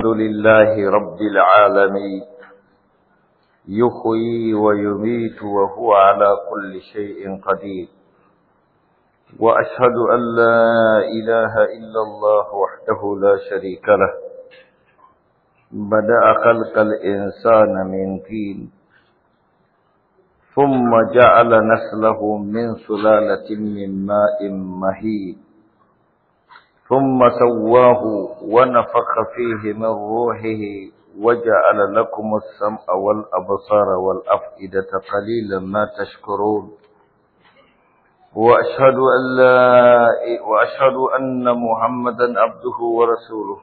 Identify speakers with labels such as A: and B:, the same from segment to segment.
A: الحمد لله رب العالمين يحيي ويميت وهو على كل شيء قدير وأشهد أن لا إله إلا الله وحده لا شريك له بدأ خلق الإنسان من طين ثم جعل نسله من سلالة من ماء مهين ثم سواه ونفخ فيه من روحه وجعل لكم السمع والأبصار والأفئدة قليلا ما تشكرون وأشهد أن لا وأشهد أن محمدا عبده ورسوله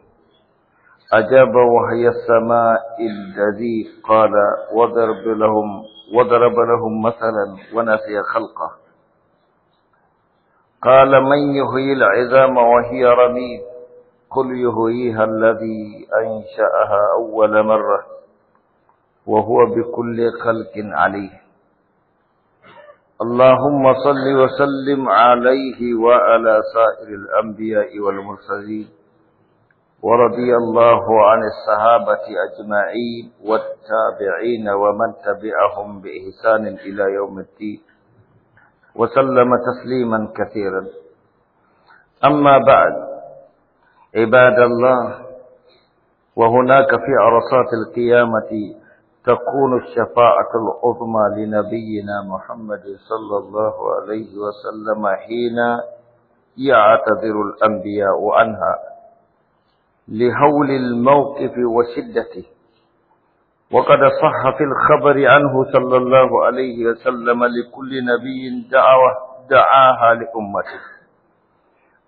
A: أجاب وهي السماء الذي قال وضرب لهم وضرب لهم مثلا ونسي خلقه قال من يحيي العظام وهي رميم قل يحييها الذي أنشأها أول مرة وهو بكل خلق عليه اللهم صل وسلم عليه وعلى سائر الأنبياء والمرسلين ورضي الله عن الصحابة أجمعين والتابعين ومن تبعهم بإحسان إلى يوم الدين وسلم تسليما كثيرا أما بعد عباد الله وهناك في عرصات القيامة تكون الشفاعة العظمى لنبينا محمد صلى الله عليه وسلم حين يعتذر الأنبياء عنها لهول الموقف وشدته وقد صح في الخبر عنه صلى الله عليه وسلم لكل نبي دعوة دعاها لأمته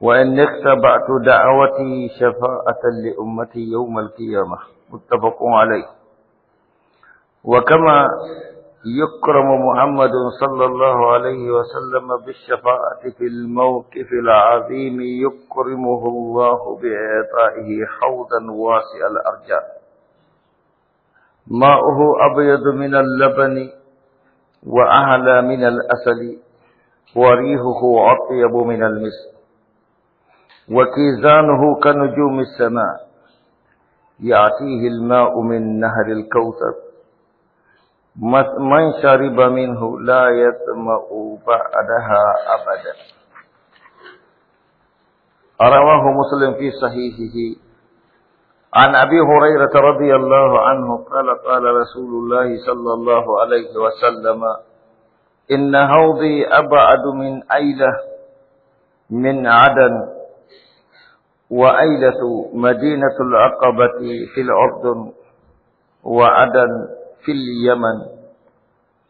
A: وإن اختبعت دعوتي شفاءة لأمتي يوم القيامة متفق عليه
B: وكما
A: يكرم محمد صلى الله عليه وسلم بالشفاعة في الموقف العظيم يكرمه الله بإعطائه حوضا واسع الأرجاء ماؤه أبيض من اللبن وأعلى من الأسل وريحه أطيب من المسك وكيزانه كنجوم السماء يعطيه الماء من نهر الكوثر من شرب منه لا يطمأ بعدها أبدا رواه مسلم في صحيحه عن أبي هريرة رضي الله عنه قال قال رسول الله صلى الله عليه وسلم إن هوضي أبعد من أيلة من عدن وأيلة مدينة العقبة في الأردن وعدن في اليمن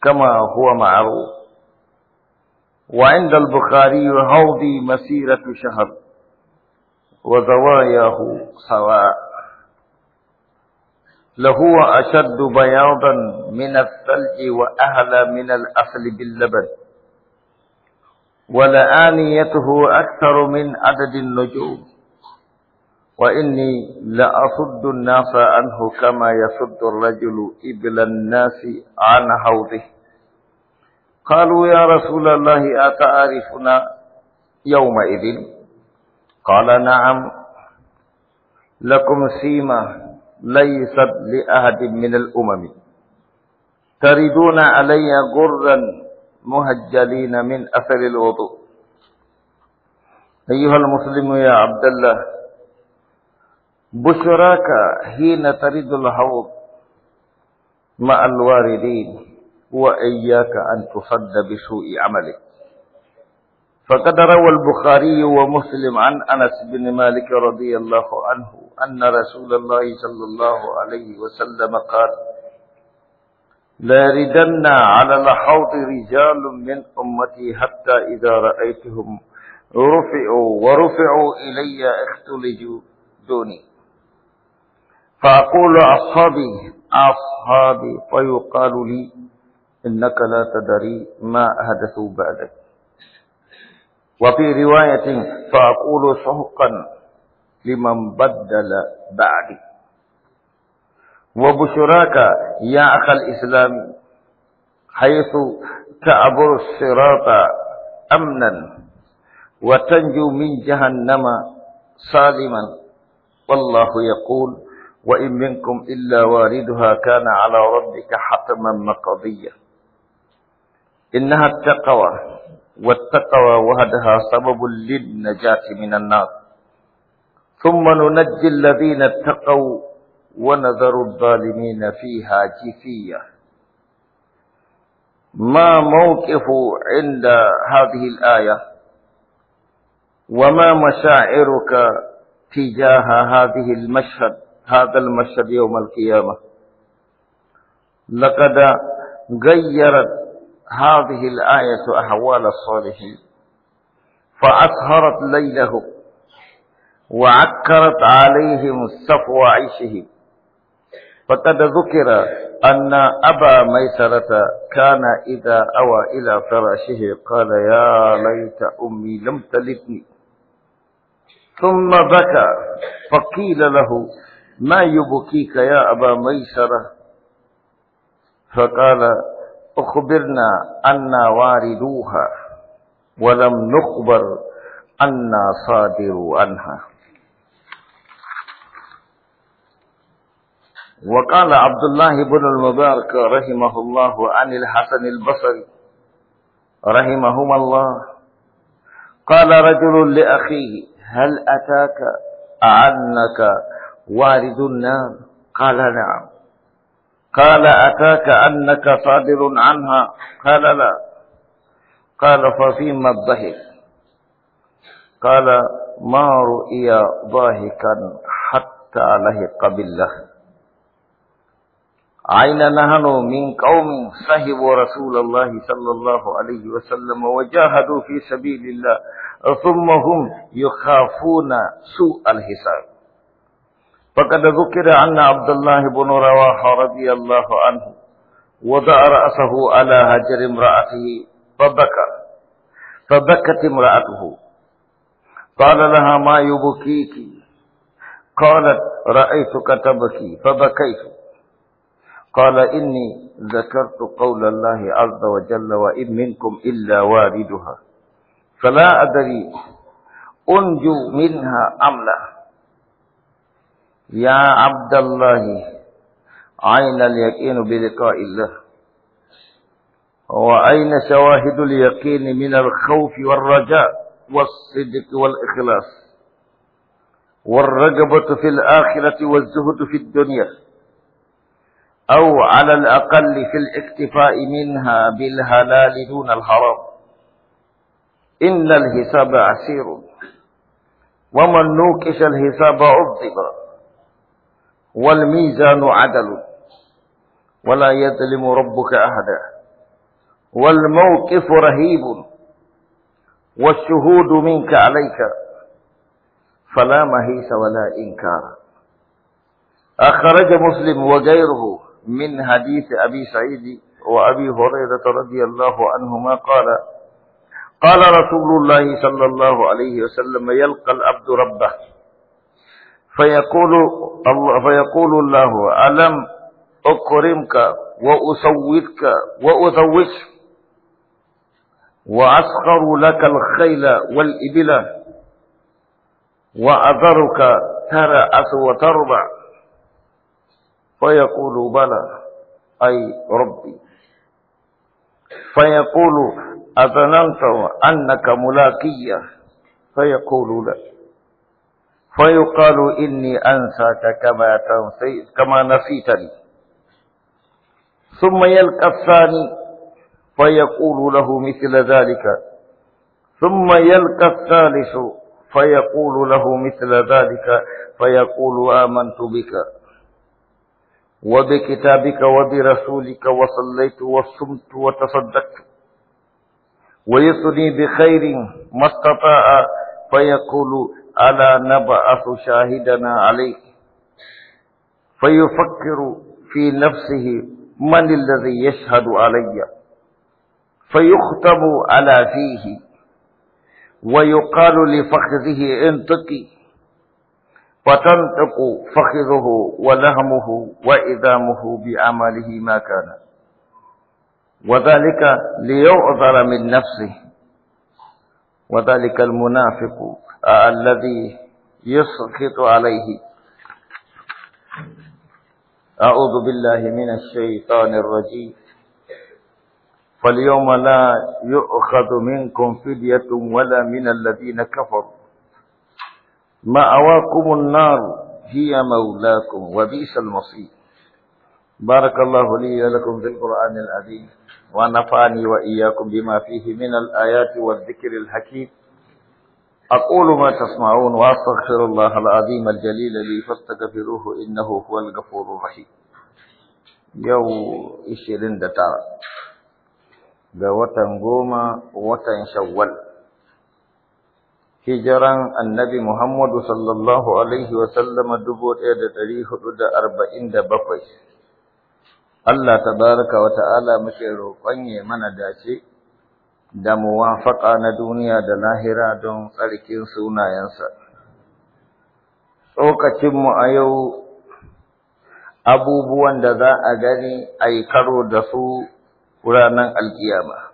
A: كما هو معروف وعند البخاري هوضي مسيرة شهر وزواياه سواء لهو أشد بياضا من الثلج وأهل من الأصل باللبن ولآنيته أكثر من عدد النجوم وإني لأصد الناس عنه كما يصد الرجل إبل الناس عن حوضه قالوا يا رسول الله أتعرفنا يومئذ قال نعم لكم سيما ليست لأحد من الأمم تردون علي غرا مهجلين من أثر الوضوء أيها المسلم يا عبد الله بشراك حين ترد الحوض مع الواردين وإياك أن تصد بسوء عملك فقد روى البخاري ومسلم عن أنس بن مالك رضي الله عنه أن رسول الله صلى الله عليه وسلم قال لا ردنا على الحوض رجال من أمتي حتى إذا رأيتهم رفعوا ورفعوا إلي اختلجوا دوني فأقول أصحابي أصحابي فيقال لي إنك لا تدري ما أحدثوا بعدك وفي رواية فأقول سحقا لمن بدل بعدي وبشراك يا أخ الإسلام حيث تعبر الصراط أمنا وتنجو من جهنم سالما والله يقول وإن منكم إلا واردها كان على ربك حتما مقضيا إنها التقوى التقوى وهدها سبب للنجاة من النار ثم ننجي الذين اتقوا ونذر الظالمين فيها جثية ما موقف عند هذه الآية وما مشاعرك تجاه هذه المشهد هذا المشهد يوم القيامة لقد غيرت هذه الآية أحوال الصالحين فأسهرت ليله وعكرت عليهم صفو عيشه فقد ذكر أن أبا ميسرة كان إذا أوى إلى فراشه قال يا ليت أمي لم تلدني ثم بكى فقيل له ما يبكيك يا أبا ميسرة فقال أخبرنا أنا واردوها ولم نخبر أنا صادر عنها وقال عبد الله بن المبارك رحمه الله عن الحسن البصري رحمهما الله قال رجل لأخيه هل أتاك أعنك وارد النار قال نعم قال أتاك أنك صادر عنها قال لا قال ففيما الضحك قال ما رؤيا ضاحكا حتى لهق بالله عين نهن من قوم صحبوا رسول الله صلى الله عليه وسلم وجاهدوا في سبيل الله ثم هم يخافون سوء الحساب فقد ذكر أن عبد الله بن رواحة رضي الله عنه وضع رأسه على هجر امرأته فبكى فبكت امرأته قال لها ما يبكيك قالت رأيتك تبكي فبكيت قال إني ذكرت قول الله عز وجل وإن منكم إلا واردها فلا أدري أنجو منها أم لا يا عبد الله عين اليقين بلقاء الله وأين شواهد اليقين من الخوف والرجاء والصدق والإخلاص والرغبة في الآخرة والزهد في الدنيا أو على الأقل في الاكتفاء منها بالهلال دون الحرام إن الحساب عسير ومن نوكش الحساب عذب والميزان عدل ولا يظلم ربك أحدا والموقف رهيب والشهود منك عليك فلا مهيس ولا إنكار أخرج مسلم وغيره من حديث أبي سعيد وأبي هريرة رضي الله عنهما قال قال رسول الله صلى الله عليه وسلم يلقى العبد ربه فيقول الله فيقول الله ألم أكرمك وأسودك وأذوش وأسخر لك الخيل والإبل وأذرك ترى وتربع فيقول بلى أي ربي فيقول أظننت أنك ملاكية فيقول لا فيقال إني أنساك كما تنسي كما نسيتني ثم يلقى الثاني فيقول له مثل ذلك ثم يلقى الثالث فيقول له مثل ذلك فيقول آمنت بك وبكتابك وبرسولك وصليت وصمت وتصدقت ويثني بخير ما استطاع فيقول ألا نبعث شاهدنا عليه فيفكر في نفسه من الذي يشهد علي فيختم على فيه ويقال لفخذه انطقي فتنطق فخذه ولهمه وإذامه بعمله ما كان وذلك ليعذر من نفسه وذلك المنافق آه، الذي يسخط عليه أعوذ بالله من الشيطان الرجيم فاليوم لا يؤخذ منكم فدية ولا من الذين كفروا مأواكم النار هي مولاكم وبئس المصير بارك الله لي ولكم في القرآن العظيم ونفعني وإياكم بما فيه من الآيات والذكر الحكيم أقول ما تسمعون وأستغفر الله العظيم الجليل لي فاستغفروه إنه هو الغفور الرحيم يو إشيرين دتارا غوطن غوما وطن شوال hijiran النبي محمد صلى الله عليه وسلم ɗaya إيدة ɗari hudu أربعين دبقش Allah tabaraka wa ta'ala muke roƙon ya mana dace da muwafaqa na duniya da lahira don tsarkin sunayensa mu a yau abubuwan da za a gani a yi karo da su ranar alkiyama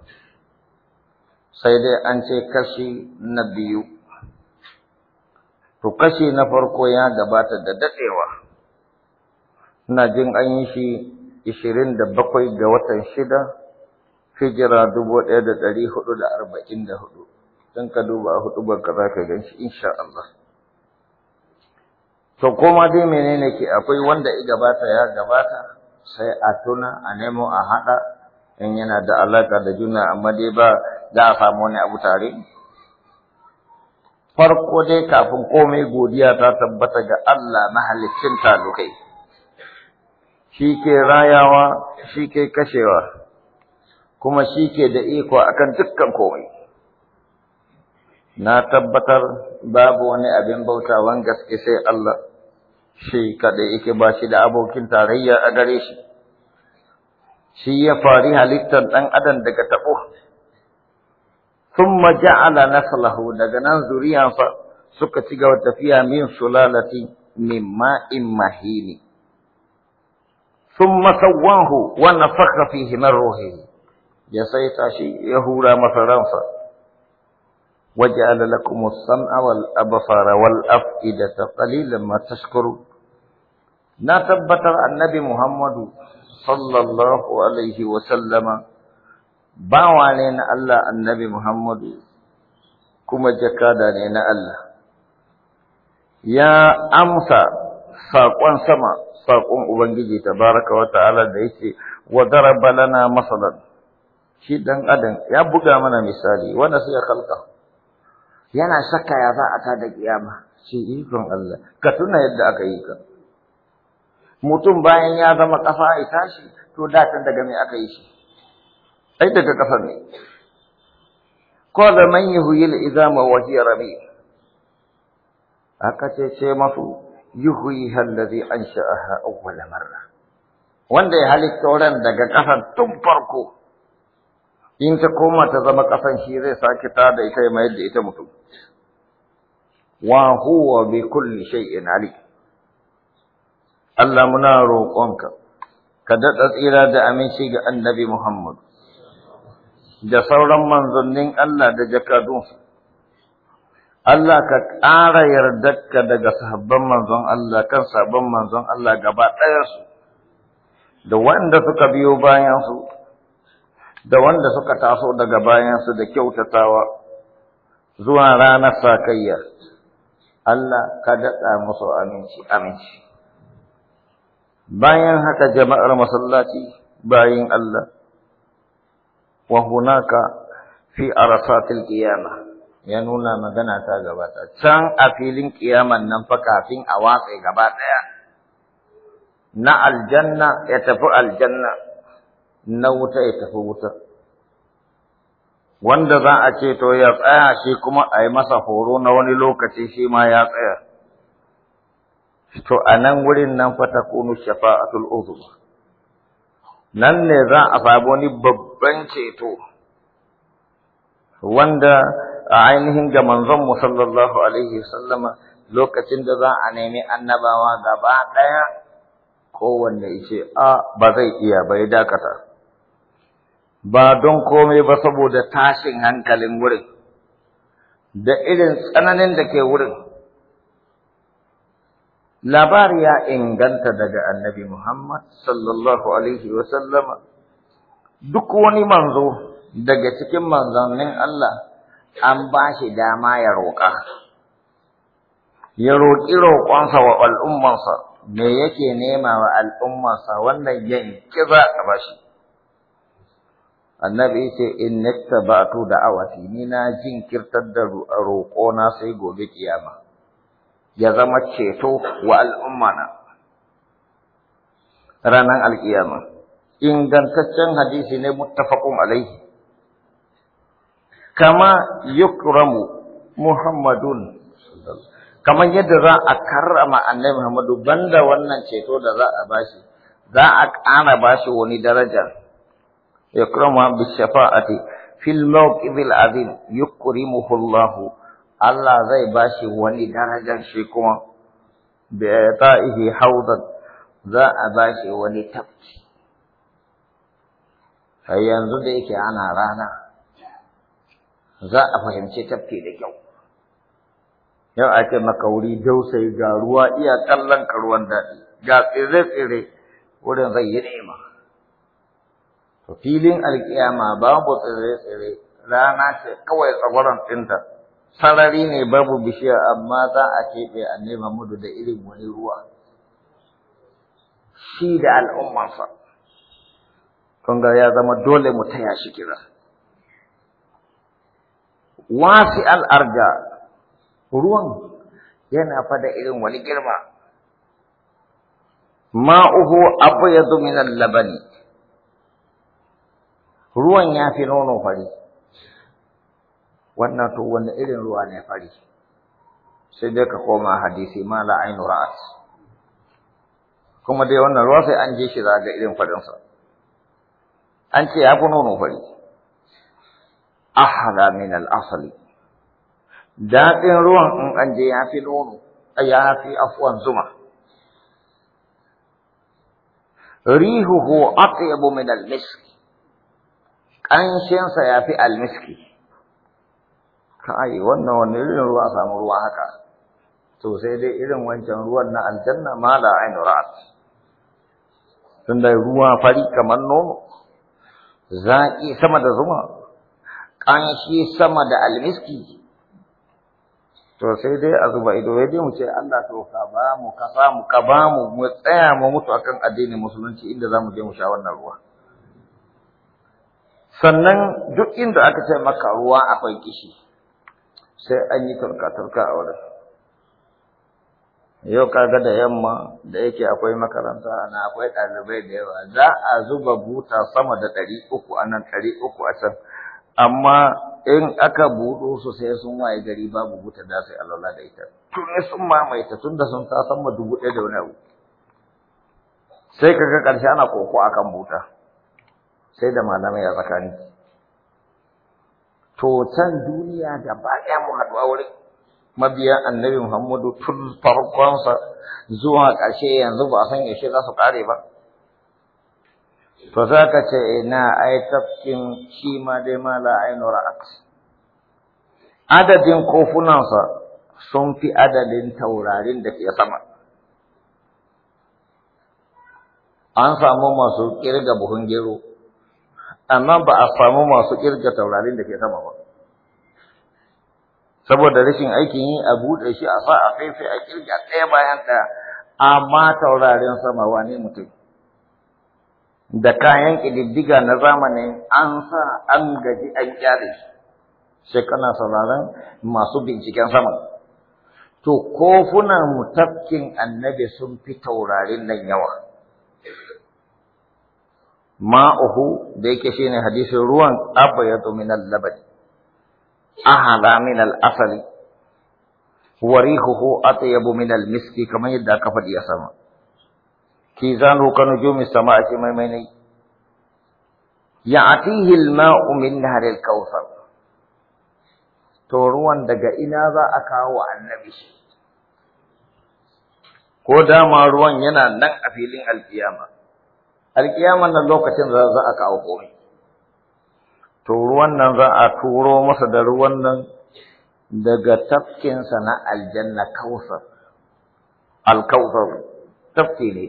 A: sai dai an ce kashi na biyu to kashi na farko ya gabata da daɗewa ina jin an yi shi ishirin da bakwai ga watan shida hijira dubu ɗaya da ɗari huɗu da arba'in da huɗu, don ka duba a hudu barka za ka gan shi insha Allah. To koma dai menene ke akwai wanda i gabata ya gabata sai a tuna a nemo a haɗa in yana da alaƙa da juna amma dai ba za a samu wani abu tare. Farko dai kafin komai godiya ta tabbata ga Allah na mahaliccin talukai. shi ke rayawa shi ke kashewa kuma shi ke da iko akan dukkan komai na tabbatar babu wani abin bauta bautawan gaske sai Allah shi kaɗai yake ba shi da abokin tarayya a gare shi shi ya fari halittar ɗan adam daga taɓo maja'ala na naslahu daga nan zuriyansa suka ci gaba tafiya min sulalati min ثم سواه ونفخ فيه من روحه جسيت عشي يهورا مفرانسا وجعل لكم السمع والأبصار والأفئدة قليلا ما تشكروا نثبت النبي محمد صلى الله عليه وسلم باو علينا الله النبي محمد كما جكادا لنا الله يا أمسى saƙon sama saƙon ubangiji ta baraka wata ta'ala da yake wa daraba lana masalan shi ɗan adam ya buga mana misali wanda ya kalka yana shakka ya za a ta da kiyama shi ikon Allah ka tuna yadda aka yi ka mutum bayan ya zama kafa ya tashi to da can daga me aka yi shi ai daga kafa ne Ko da man huyi idama wa hiya rami aka ce ce masu yuhyiha allazi ansha'aha awwal marra wanda ya halitta wurin daga ƙasan tun farko in ta koma ta zama ƙasan shi zai sake ta da ita ya da ita mutum wa huwa bi kulli shay'in ali Allah muna roƙonka ka daɗa tsira da aminci ga annabi Muhammad da sauran manzannin Allah da jakadunsu Allah ka ƙara yardarka daga sahabban manzon Allah kan sabon manzon Allah gaba ɗayansu da wanda suka biyo bayansu da wanda suka taso daga bayansu da kyautatawa zuwa ranar sakayya Allah ka daɗa musu aminci aminci bayan haka jama'ar masallaci bayin Allah wa hunaka fi arasatil qiyamah ya nuna magana ta gabata can a filin kiyaman nan fa kafin a watsa gaba daya na aljanna ya tafi aljanna na wuta ya tafi wuta wanda za a ce to ya tsaya shi kuma a yi masa horo na wani lokaci shi ma ya tsaya to a nan wurin nan fa ta kunu shafa'atul uzur nan ne za a samu wani babban ceto wanda a ainihin ga manzon mu sallallahu alaihi sallama lokacin da za a nemi annabawa gaba ɗaya kowanne yace a ba zai iya bai dakata ba don komai ba saboda tashin hankalin wurin da irin tsananin da ke wurin labari ya inganta daga annabi Muhammad sallallahu alaihi sallama. duk wani manzo daga cikin manzannin Allah an ba shi dama ya roƙa ya roƙi roƙonsa wa al'ummansa me yake nema wa al'ummansa wannan yan kiza a ba shi annabi ce in da da'awati ni na jinkirtar da roƙona sai gobe kiyama ya zama ceto wa al'ummana ranar alƙiyama. ingantaccen hadisi ne mutafakun alaihi kama yukramu Muhammadun kamar yadda za a karrama annabi Muhammadu banda wannan ceto da za a bashi za a ƙara bashi wani daraja yukramu bi shafa'ati fil mawqif azim yukrimuhu Allah Allah zai bashi wani darajar shi kuma bi ta'ihi hawdan za a bashi wani tafki sai yanzu da yake ana rana za a fahimci tafke da kyau yau a ce maka wuri dausayi ga ruwa iya kallon ka ruwan daɗi ga tsire-tsire wurin zai yi nema to filin alkiyama babu tsire-tsire rana ce kawai tsagwaron ɗinta sarari ne babu bishiya amma za a keɓe a nema mudu da irin wani ruwa shi da al'ummarsa kun ga ya zama dole mu taya shi kira wasi al'arja ruwan yana fada irin wani girma ma'uhu abu ya dominan labari ruwan ya fi nono fari wannan to wani irin ruwa ne fari sai dai ka koma hadisi ma la ainu ra'at kuma dai wannan ruwa sai an je shi za ga irin farinsa an ce ya fi nono fari Ahala min al'asali, daɗin ruwan in an je ya fi nono ya fi afuwan zuma rihuhu atyabu min al-misk ƙanshinsa ya fi al-miski kai wannan wani irin ruwa samu ruwa haka to sai dai irin wancan ruwan na aljanna ma la ainu ra'at tunda ruwa fari kamar nono zaƙi sama da zuma ƙanshi sama da almiski to sai dai a zuba ido dai mu ce Allah to ka ba mu ka mu ka ba mu mu tsaya mu mutu akan addinin musulunci inda zamu je mu sha wannan ruwa sannan duk inda aka ce maka ruwa akwai kishi sai an yi turka-turka a wurin yau kaga da yamma da yake akwai makaranta ana akwai ɗalibai da yawa za a zuba buta sama da ɗari uku a nan ɗari uku a can amma in aka buɗo su sai sun waye gari babu buta da su alwala da ita tuni sun mamaita tun da sun ta mu dubu ɗaya da wani abu sai kaga ƙarshe ana koko akan buta sai da malamai a tsakani to can duniya da ɗaya mu haɗu a wurin mabiya annabi Muhammadu tun farkonsa zuwa ƙarshe yanzu ba a san yaushe za su ƙare ba to za ka ce ina eh, ai tafkin shi ma dai ma la ainu ra'at adadin kofunansa sun fi adadin taurarin da ke sama an samu masu kirga buhun gero amma ba a samu masu kirga taurarin da ke sama ba saboda rashin aikin yi a buɗe shi a sa a kai sai a kirga ɗaya bayan ɗaya amma taurarin sama ne mutum da kayan ƙididdiga na zamani an sa an gaji an kyare sai kana sauraron masu binciken sama to kofunan mutafkin annabi sun fi taurarin nan yawa ma'uhu da yake shine hadisin ruwan abu min al-labad ahala min al-asali wa rihuhu atyabu min al-miski kamar yadda aka faɗi a sama kizanu kanu jumi sama ake mai mai nai ya'tihi al-ma'u min nahril kawthar to ruwan daga ina za a kawo annabi ko dama ruwan yana nan a filin alkiyama alkiyaman nan lokacin za a kawo komai to za a turo masa da daga tafkinsa na aljanna kawsar alkawsar tafki ne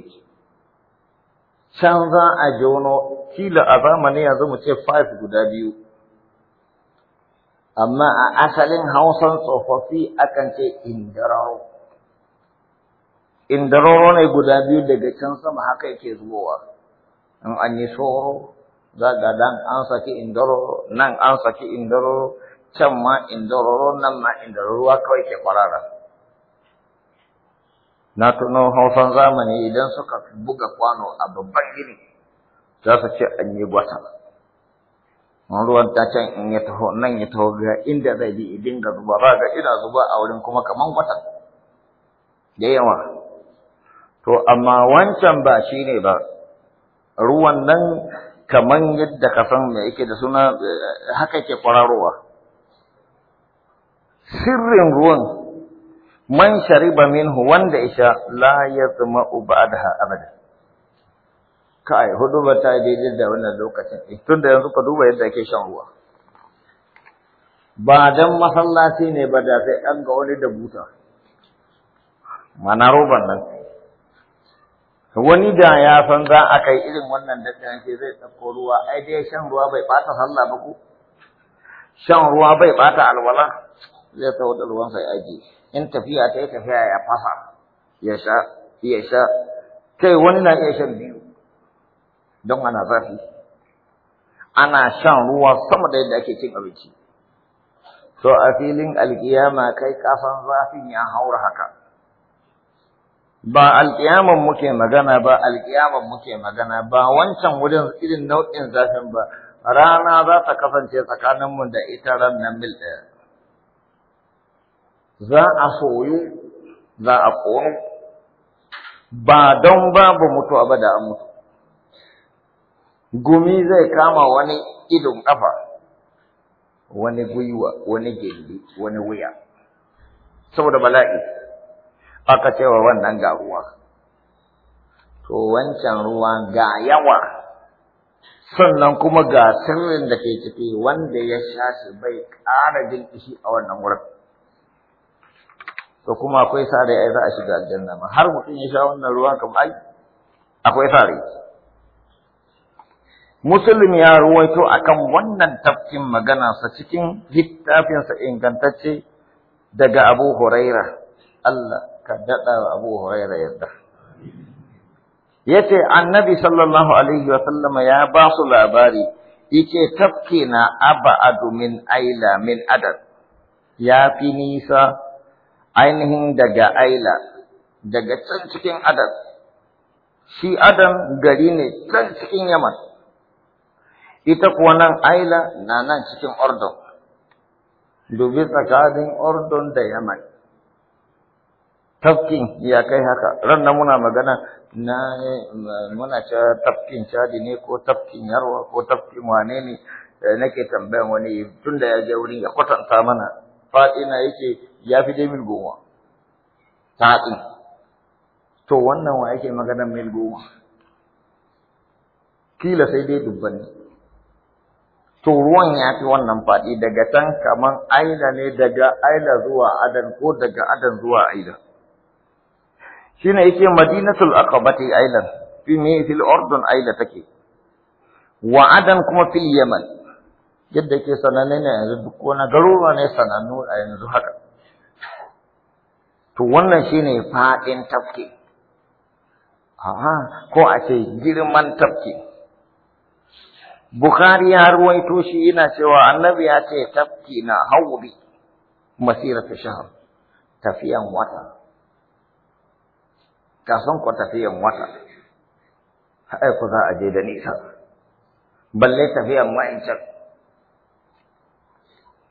A: can za a ji jono kila a zamani yanzu mu ce five guda biyu amma a asalin hausan tsofaffi akan ce indararo indararo ne guda biyu daga can sama haka yake zubowa in an yi soro za ga dan an saki indararo nan an saki indararo can ma indararo nan ma indararo ruwa kawai ke kwarara na tuno hausan zamani idan suka buga kwano a babban gini za su ce an yi gwata ruwan ta can in ya taho nan ya taho ga inda zai bi idin ga zuba ba ga ina zuba a wurin kuma kaman gwata da yawa to amma wancan ba shi ne ba ruwan nan kaman yadda ka san me yake da suna eh, haka ke kwararowa sirrin ruwan man shariba minhu wanda isha la yatma'u ba'daha abada kai hudu ba ta daidai da wannan lokacin tun da yanzu ka duba yadda ake shan ruwa ba dan masallaci ne ba da sai an ga wani da buta mana roban nan wani da ya san za a kai irin wannan daddan ke zai tsakko ruwa ai dai shan ruwa bai bata sallah ba ko shan ruwa bai bata alwala zai tawo da ruwan sai aje in tafiya ta yi tafiya ya fasa ya sha ya sha kai wani na iya shan biyu don ana zafi ana shan ruwa sama da yadda ake cin abinci to a filin alkiyama kai kasan zafin ya haura haka ba alkiyaman muke magana ba alkiyaman muke magana ba wancan wurin irin nau'in zafin ba rana za ta kasance tsakaninmu da ita ran nan mil ɗaya za a soyu za a ƙonu ba don babu mutuwa ba da an mutu gumi zai kama wani idon ƙafa wani gwiwa wani gindi wani wuya saboda bala'i aka cewa wannan ga ruwa to wancan ruwa ga yawa sannan kuma ga sirrin da ke ciki wanda ya sha shi bai ƙara jin kishi a wannan wurin to kuma akwai sare ai za a shiga aljanna ma har mutum ya sha wannan ruwa kam ai akwai sare Muslim ya ruwaito akan wannan tafkin magana sa cikin littafinsa ingantacce daga Abu Huraira Allah ka dada Abu Huraira yadda yace annabi sallallahu alaihi wa sallama ya ba su labari yace tafki Aba adu min aila min adad ya fi nisa ainihin daga aila daga can cikin adam shi adam gari ne can cikin yaman ita kuwa nan aila na nan cikin ordon dubi tsakanin ordon da yaman tafkin ya kai haka ran muna magana na muna ce tafkin shadi ne ko tafkin yarwa ko tafkin wane ne eh, nake tambayan wani tun da ya je wurin ya kwatanta mana fadina yake ya fi dai mil goma tatsin to wannan wa yake maganar mil goma kila sai dai dubbanni to ruwan ya fi wannan faɗi daga can kaman aila ne daga aila zuwa adan ko daga adan zuwa aila ne yake madinatul aqabati ailan fi ne fil ordon aila take wa adan kuma fil yaman yadda ke sananne ne yanzu duk wani garuruwa ne sanannu a yanzu haka to wannan shine faɗin tafki aha, ko a ce girman tafki Bukhari ya ruwaito shi yana cewa annabi ya ce tafki na hauri ta shahar tafiyan wata san ku tafiyan wata ai ku za a je da nisa balle tafiyan ma'aikacin.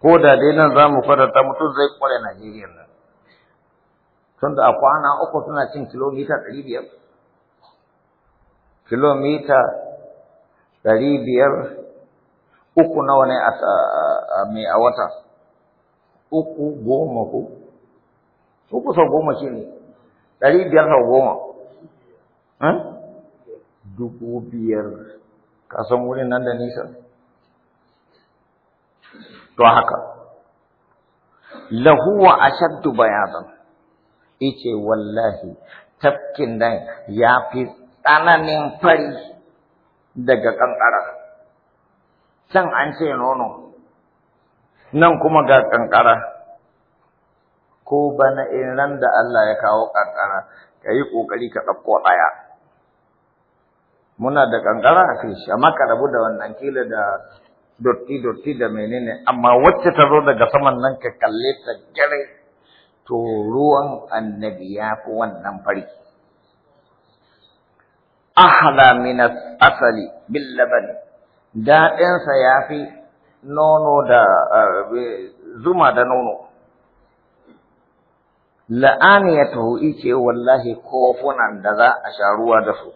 A: ko da dai nan za mu ta mutum zai kware Najeriya nan tunda a kwana uku suna cin kilomita ɗari biyar kilomita ɗari biyar uku nawa ne a mai a wata uku goma ko uku sau goma shi ne ɗari biyar sau goma eh? dubu biyar kasan wurin nan da nisa to haka lahu wa shaddu bayadan ice wallahi tafkin nan ya fi tsananin fari daga kankara can an ce nono nan kuma ga kankara ko bana in ran da Allah ya kawo kankara ka yi ƙoƙari ka ɗauko ɗaya muna da kankara a kai shi amma ka rabu da wannan kila da dotti dotti da menene amma wacce ta zo daga saman nan ka kalle ta gare to ruwan annabi ya fi wannan fari. Ahala min asali bil labani daɗinsa ya fi nono da eh, zuma da nono. La'ani ya taho ice wallahi kofunan da za a sha ruwa da su,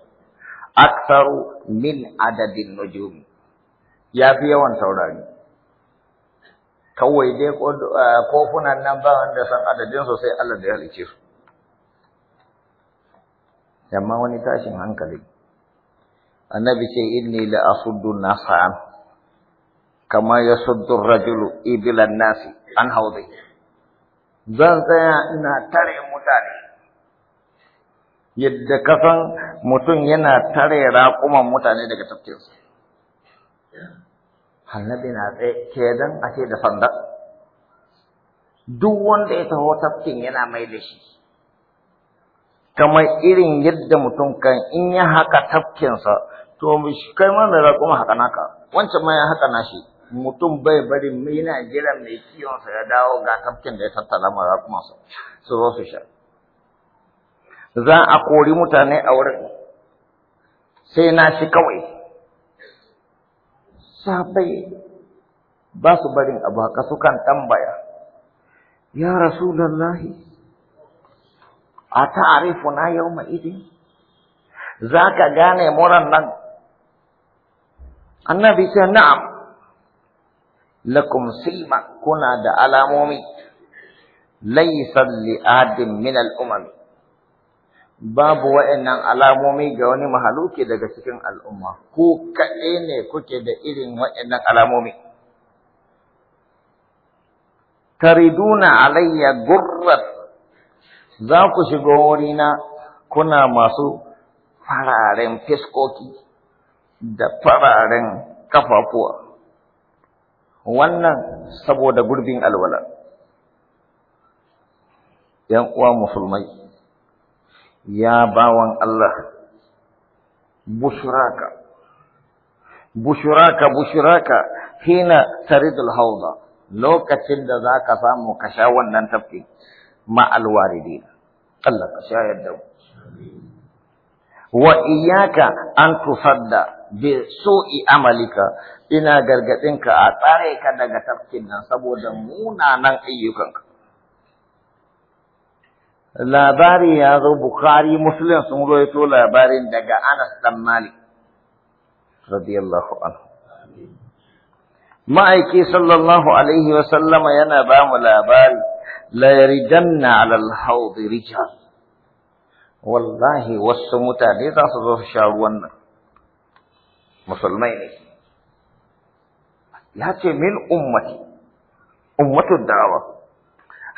A: aksaru min adadin nujumi, ya fi yawan saurari. kawai dai kofunan nan ba wanda san adadin su sai Allah da ya halice su amma wani tashin hankali annabi ce inni la asuddu Nasan, kama yasuddu rajulu ibilan nasi an haudai zan tsaya ina tare mutane yadda kasan mutum yana tare raƙuman mutane daga tafkinsa annabi na tsaye dan a ce da sanda duk wanda ya taho tafkin yana mai da shi kamar irin yadda mutum kan in ya haka tafkinsa to kai ma mai raƙuma haka naka wancan mai ya na shi. mutum bai bari yana jiran mai kiwonsa ya dawo ga tafkin da ya tattala ma kuma su zo su sha za a kori mutane a wurin sai na shi kawai sahabbai ba su barin abu sukan tambaya ya rasulullahi a ta'arifuna yawma Za zaka gane muran nan annabi ce na'am lakum sima kuna da alamomi laisan li'adin adin min al babu wa'annan alamomi ga wani mahaluki daga cikin al'umma, ku kaɗai ne kuke da irin wa'annan alamomi. Tariduna alayya gurrat za ku shigo wurina kuna masu fararen fiskoki da fararen kafafuwa. Wannan saboda gurbin alwala. ‘Yan uwa musulmai. ya bawan Allah bushuraka bushuraka bushuraka hina taridul hauda lokacin da za ka samu ka sha wannan tafki ma alwaridin Allah ka shayar da wa iyaka an tusadda bi su'i amalika ina ka a tsare ka daga tafkin nan saboda munanan ayyukanka labari ya zo Bukhari Muslim sun roito labarin daga Anas dan Malik radiyallahu anhu ma'aiki sallallahu alaihi wa sallama yana ba mu labari la yarijanna ala al-hawd rijal wallahi wasu mutane za su zo su sha ruwan nan musulmai ne ya ce min ummati ummatu da'awa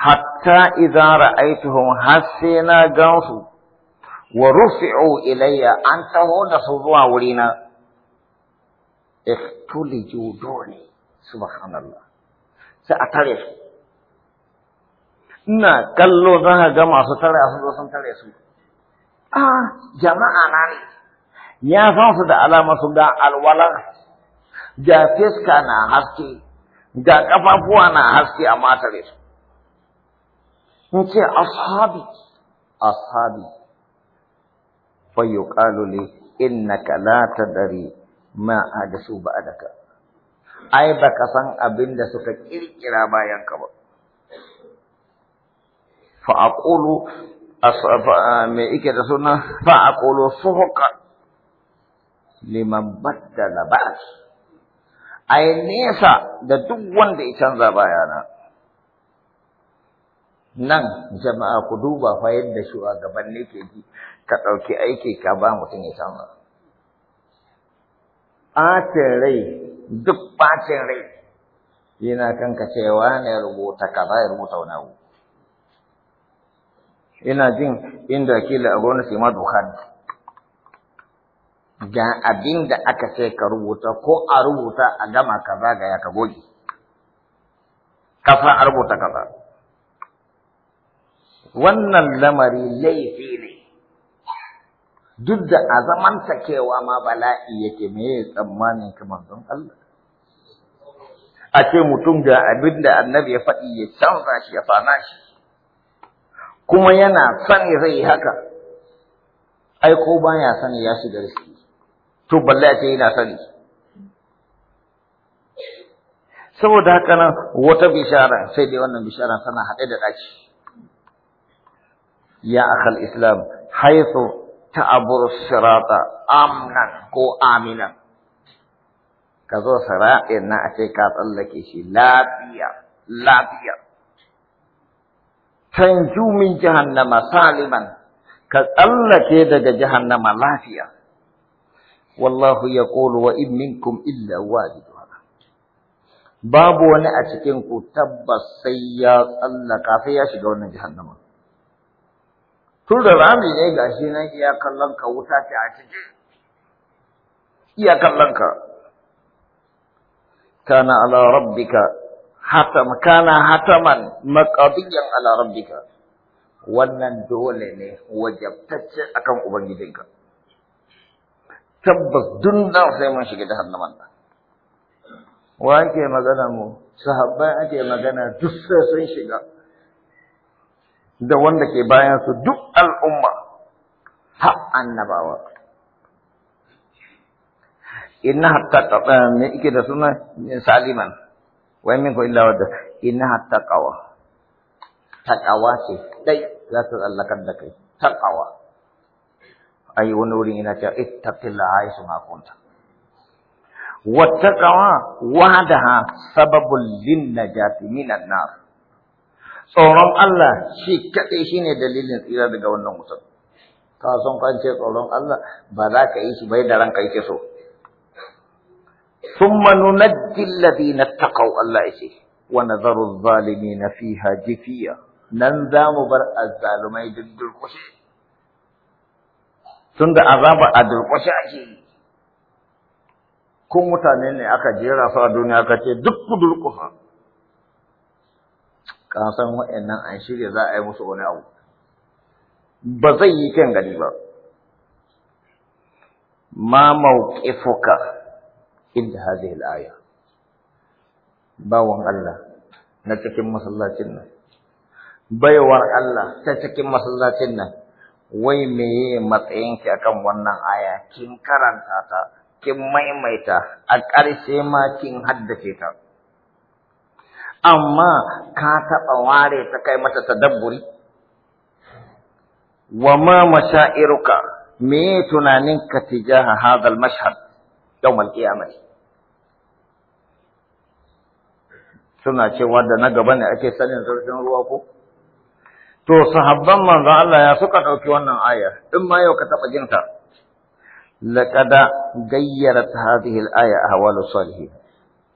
A: hatta idza ra'aytuhum hasina gansu wa rufi'u ilayya an taho da su zuwa wurina ikhtuli judoni subhanallah sai a tare su ina kallo za ka ga masu tare su zo sun tare su a jama'a na ne ya san su da alama su ga alwala ga fiska na haske ga kafafuwa na haske amma tare su sun ce ashabi ashabi fayyukalu yuqalu inna ka la tadri ma da ka? ai ka san abin da suka kirkira bayan ka ba fa aqulu me ike da suna fa aqulu suhuqan liman baddala ba'd ai nesa da duk wanda ya canza bayana nan jama'a ku duba fa yadda ne ke ji ka ɗauki aiki ka ba mutum ya samu ɓacin rai duk batin rai yana kan ka cewa ne rubuta kaza ya rubuta wani abu ina jin inda kila a gwamnati ma doka ga abin da aka ce ka rubuta ko a rubuta a gama kaza ga ya ka goge kafa a rubuta kaza wannan lamari laifi ne duk da a kewa ma bala'i yake me tsammanin kamar don Allah a ce mutum ga abin da annabi ya faɗi ya canza shi ya fana shi kuma yana sani zai haka ai ko baya sani ya shiga riski to balle a ce yana sani saboda haka nan wata bishara sai dai wannan bishara tana haɗe da ɗaki ya akhal islam haythu ta'buru sirata amnan ko Amina. ka zo sara'in na ka tsallake shi lafiya lafiya tanju jahannama saliman ka tsallake daga jahannama lafiya wallahu ya wa in minkum illa babu wani a cikin ku tabbas sai ya tsallaka sai ya shiga wannan jahannama tun da rami ne ga shi nan iya kallon ka wuta ce a ciki iya kallon ka kana ala rabbika hatam kana hataman maqadiyan ala rabbika wannan dole ne wajabtacce akan ubangijinka tabbas dun da sai mun shiga jahannaman da wa ake magana mu sahabbai ake magana duk sai sun shiga da wanda ke bayan su duk al'umma ha annabawa inna hatta eh, me ike da suna saliman wai min ko illa wadda inna hatta qawa taƙawa ce dai za ta tsallakar da kai taqawa ai wani wurin yana cewa a ittaqillaha haythu ma wa wattaqawa wahdaha sababul lin najati minan nar
B: tsoron Allah
A: shi kaɗai shi ne dalilin tsira daga wannan mutum. Ka son kwance tsoron Allah ba za ka yi shi bai da ranka yake so. Sun manu na jillabi na takau Allah ya ce, wani zaru zalimi na fi haji nan za mu bar azalumai duk durkushe. Tun da azaba a durkushe ake yi. Kun mutane ne aka jera su a duniya aka ce duk durkushe. ka san wa'annan an shirya za a yi musu wani abu ba zai yi kyan gani ba ma mawqifuka inda hadhihi al-aya bawan Allah na cikin masallacin nan baiwar Allah ta cikin masallacin nan wai meye matsayinki akan wannan aya kin karanta ta kin maimaita a ƙarshe ma kin haddace ta amma ka taɓa ware ta kai mata tadabburi wa ma masha'iruka me tunanin tunaninka tijaha hadal mashhad yawmal qiyamah suna cewa da na gaba ne ake sanin zurfin ruwa ko to sahabban manzo Allah ya suka ɗauki wannan aya in ma yau ka taɓa jin ta laqad gayyarat hadhihi al-aya ahwalus salihin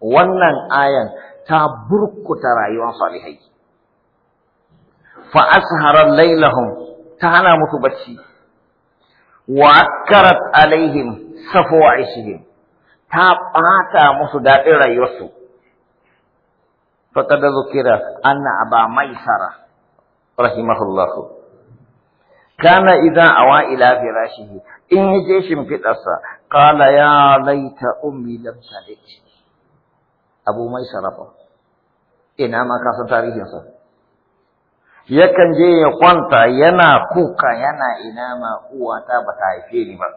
A: wannan ayan ta burkuta rayuwar salihai fa asharar lailahum ta hana musu bacci wa akarat alaihim safo a ishihim ta ɓata musu daɗin rayuwarsu faƙada zukira an na aba mai sara rahimahullahu
B: kana idan awa
A: ila firashihi in yi je shimfiɗarsa ƙala ya laita ummi lamsa da abu mai sharafa ina ma ka san tarihinsa yakan je ya kwanta yana kuka yana ina ma uwata ba ta haife ni ba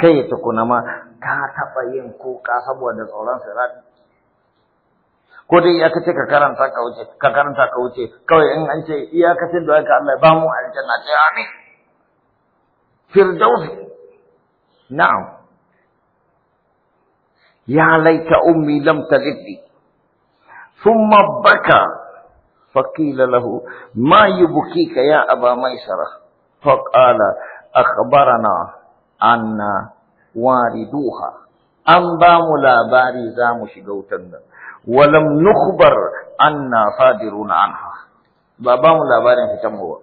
A: kai ya tukuna ma ka taɓa yin kuka saboda tsoron sirati ko dai ya kace ka karanta ka wuce ka karanta ka wuce kawai in an ce iyakacin da ka Allah ba mu aljanna ta amin firdausi na'am يا ليت أمي لم تلدني ثم بكى فقيل له ما يبكيك يا أبا ميسرة فقال أخبرنا أن واردوها أن بام لا باري زام شقوتن ولم نخبر أن صادرون عنها بابام لا باري في تموه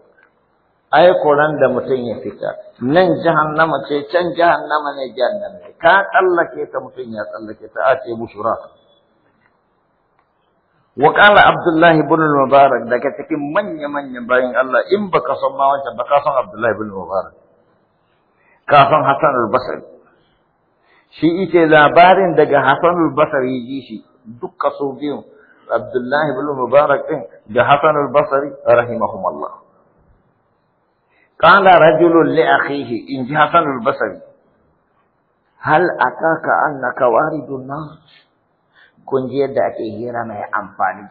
A: ai koran da mutum ya fita nan jahannama ce can jahannama ne jahannama ne ka tsallake ta mutum ya tsallake ta a ce bushura wa qala abdullahi ibn al-mubarak daga cikin manya manya bayan Allah in baka san ma wancan ba ka san abdullahi ibn al-mubarak ka san hasan al-basri shi ite labarin daga hasan al-basri ji shi dukka su biyu abdullahi ibn al-mubarak din da hasan al-basri rahimahumullah قال رجل لأخيه إن حسن البصري هل أتاك أنك وارد النار kun ji yadda ake hira mai amfani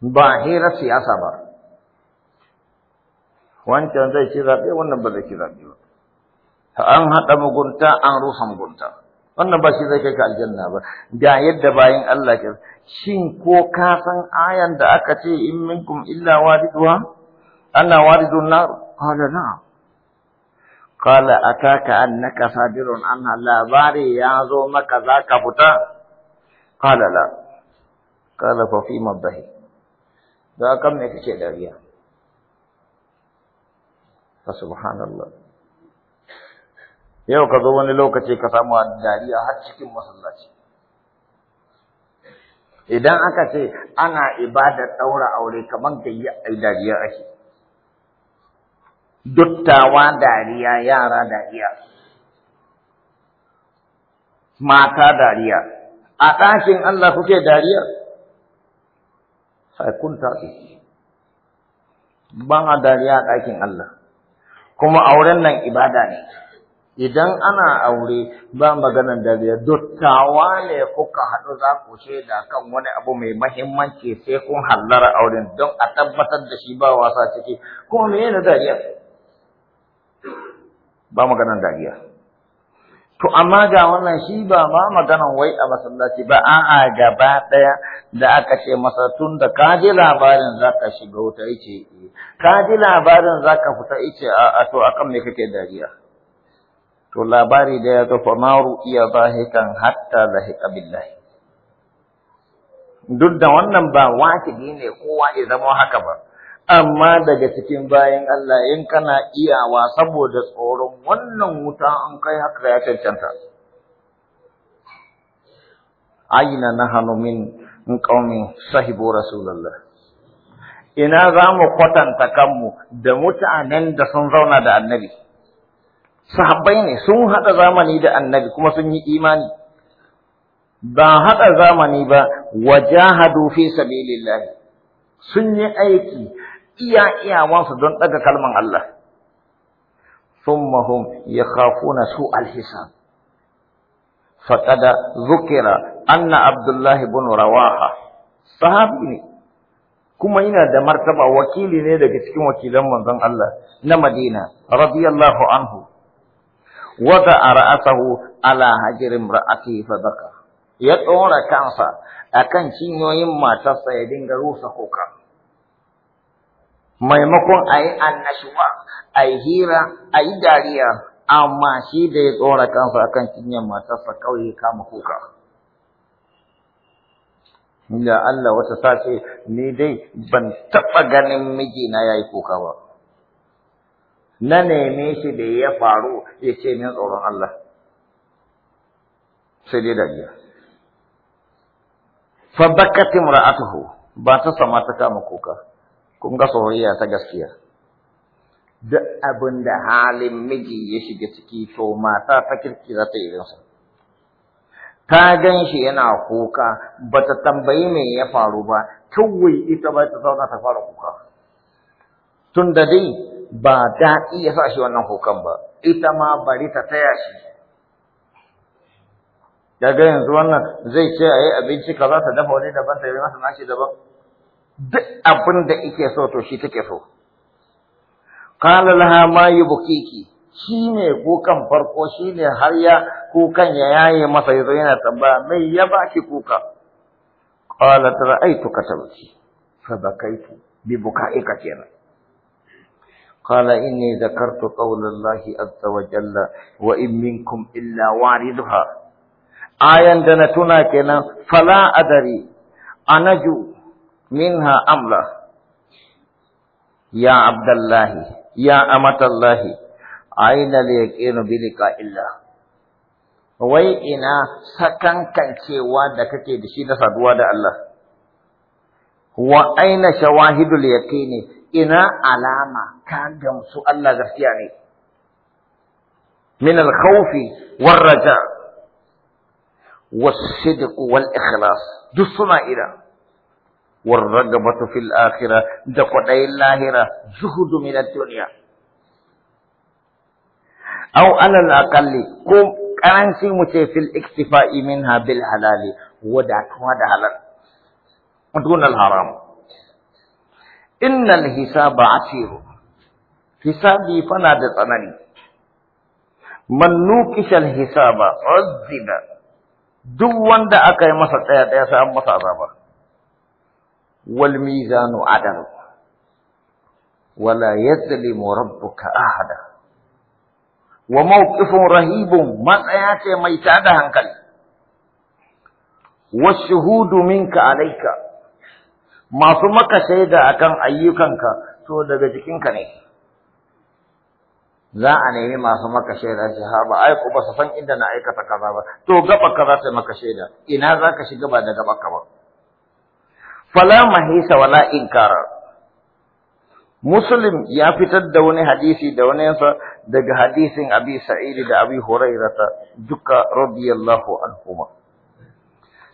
A: ba hira siyasa ba wancan zai ci zaɓe wannan ba zai ci zaɓe ba an haɗa mugunta an rusa wannan ba zai kai ka aljanna ba ga yadda bayan Allah ke shin ko ka san ayan da aka ce in minkum illa waliduha أنا وارد النار قال نعم قال أتاك أنك صادر عنها لا باري يعظمك ذاك فتا قال لا قال ففي مضه ذاك منك شيء داريا فسبحان الله yau ka zo wani lokaci ka samu dariya har cikin masallaci idan aka ce ana ibadar ɗaura aure kamar gayya ai dariya ake Duttawa dariya yara dariya. Mata dariya. A ɗakin Allah kuke dariya? Sai kun tafi. a dariya a ɗakin Allah. Kuma auren nan ibada ne. Idan ana aure ba maganan dariya, dottawa ne kuka haɗu za ku shaida kan wani abu mai mahimmanci sai kun hallara auren don a tabbatar da shi ba wasa ciki, kuma me ne dariya? ba maganan dariya to amma ga wannan shi ba ma maganan wai a masallaci ba a'a gaba ɗaya da aka ce masa tun da ka labarin za ka shiga wuta ice ka labarin za ka fita ice a to akan me kake dariya to labari da ya zo fa iya zahikan hatta zahika billahi duk da wannan ba wajibi ne kowa ya zama haka ba amma daga cikin bayan Allah in kana iyawa saboda tsoron wannan wuta an kai haka ya cancanta aina nahanu min qaumin sahibu rasulullah ina za mu kwatanta kanmu da mutanen da sun zauna da annabi sahabbai ne sun hada zamani da annabi kuma sun yi imani ba hada zamani ba wajahadu fi sabilillah sun yi aiki iya iyawansu don ɗaga kalman Allah. ثم هم يخافون سوء الحساب فقد Zukira, Anna, Abdullahi, الله rawaha, sahabi ne. kuma yana da martaba wakili ne daga cikin wakilan manzon Allah na Madina radiyallahu anhu a ra'asahu ala hajri imra'ati fa ya tsora kansa akan cinyoyin matarsa ya dinga rusa kuka maimakon a yi annashuwa a yi hira a yi dariya amma shi da ya tsora kansa akan cinyar matarsa kawai ya kama kuka da Allah wata sace ni dai ban taɓa ganin mijina ya yi kuka ba na neme shi da ya faru ya ce min tsoron Allah sai dai dariya fa bakat imra'atuhu ba ta sama ta kama kuka kun ga soyayya ta gaskiya duk abin da halin miji ya shiga ciki to mata ta kirki za ta ransa. ta gan shi yana kuka ba ta tambayi me ya faru ba kawai ita ba ta zauna ta fara kuka tun da dai ba daɗi ya sa shi wannan kukan ba ita ma bari ta taya shi daga yanzu wannan zai ce a yi abinci kaza ta dafa wani daban ta yi masa nashi daban duk abin da ike so to shi take so. Kala laha ma yi bukiki, shine kukan farko shine har ya kukan ya yaye masa yanzu yana tambaya mai ya ba kuka. Kala ta ra'aitu ka fa ba kai bi buka ka kenan. Kala in ne da kartu ƙaunar lahi azza wa jalla wa in minkum illa wariduha. Ayan da na tuna kenan fala adari a najuwa. منها أملا يا عبد الله يا أمت الله أين ليك إن الله إلا وي إنا سكن كان شي وادا كتي دشي نصد وادا الله وأين شواهد اليقين إنا علامة كان جمسو الله غسياني من الخوف والرجاء والصدق والإخلاص دسنا إلى والرغبة في الآخرة دقدي اللاهرة زهد من الدنيا أو على الأقل قم كرنسي متي في الاكتفاء منها بالحلال ودعت ودع ودون الحرام إن الحساب عسير حسابي فلا تتنني من نوكش الحساب عذب duk wanda aka yi masa tsaya-tsaya sai wal mizanu adal wala yazlimu rabbuka ahada wa mawqifun rahibun matsaya ce mai tada hankali wa shuhudu minka alayka masu maka shaida kan ayyukanka to daga jikinka ne za a nemi masu maka shaida shi ha ba aiko san inda na aikata kaza ba to gaba kaza sai maka shaida ina za ka shiga ba da gaba ka ba fala mahisa wala inkara muslim ya fitar da wani hadisi da wani yasa daga hadisin abi sa'id da abi hurairata duka radiyallahu anhuma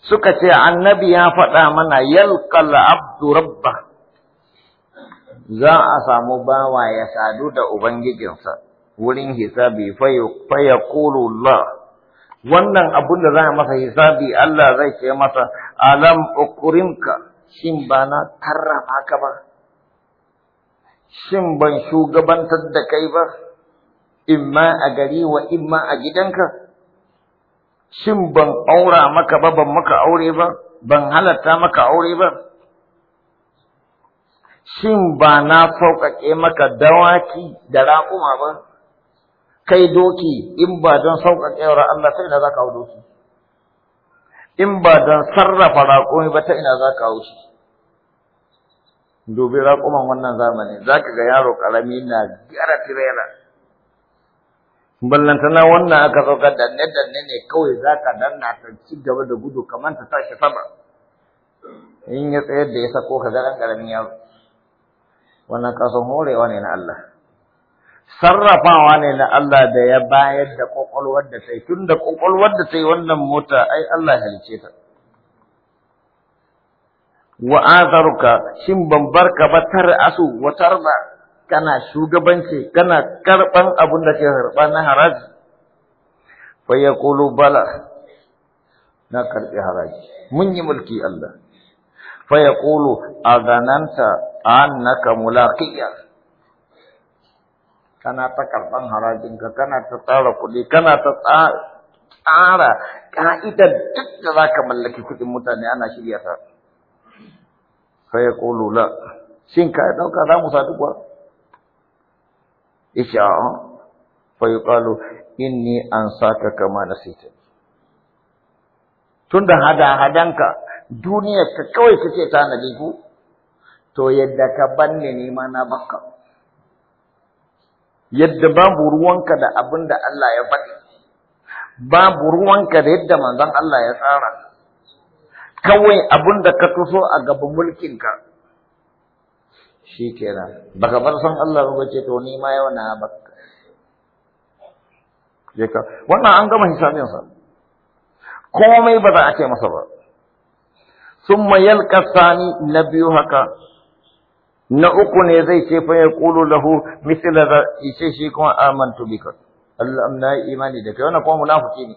A: suka ce annabi ya faɗa mana yalqal abdu rabba. za a samu bawa ya sadu da ubangijinsa wurin hisabi fa yaqulu Allah wannan abun da za a masa hisabi Allah zai ce masa alam ukrimka shin ba na karrama ka ba shin ban shugabantar da kai ba imma a gari wa imma a gidanka shin ban aura maka ba ban maka aure ba ban halatta maka aure ba shin ba na sauƙaƙe maka dawaki da raƙuma ba kai doki in ba don sauƙaƙewar Allah sai da za ka hau doki in ba don sarrafa raƙumi ba ta ina za ka hau shi dubi raƙuman wannan zamani za ka ga yaro ƙarami na gara tirela ballantana wannan aka saukar danne danne ne kawai za ka danna ta ci gaba da gudu kamar ta tashi sama in ya tsayar da ya sako ka ga ɗan ƙaramin yaro wannan kasan horewa ne na Allah sarrafawa ne na Allah da ya bayar da ƙwaƙwalwar da ta yi tun da ƙwaƙwalwar da ta yi wannan mota ai Allah halice ta wa azaruka shin ban barka ba tar asu wa ba kana shugabanci kana karban abun da ke harba na haraji fa Kulu bala na karbi haraji mun yi mulki Allah fa yaqulu adananta annaka mulaƙiyar. kana ta karɓan harajinka kana ta tsara kuɗi kana ta tsara ka'idar duk da za ka mallaki kuɗin mutane ana shirya ta sai ya ƙolo la shin ka ɗauka za mu sadu kuwa yace a'a fa an inni ka kama tun tunda hada hadanka duniyar ka kawai kake tanadi ku to yadda ka banne nema na bakka yadda babu ruwanka da abin da Allah ya faɗi babu ruwanka da yadda manzan Allah ya tsara kawai abin da ka tuso a gaban mulkinka shikenan baka bar san Allah ba ce to nima yau na baka ka wannan an gama hisabinsa komai ba za a ce masa ba summa yalqa sani na biyu haka na uku ne zai ce fa ya qulu lahu da yace shi kuma amantu bika Allah na yi imani da kai wannan kuma munafiki ne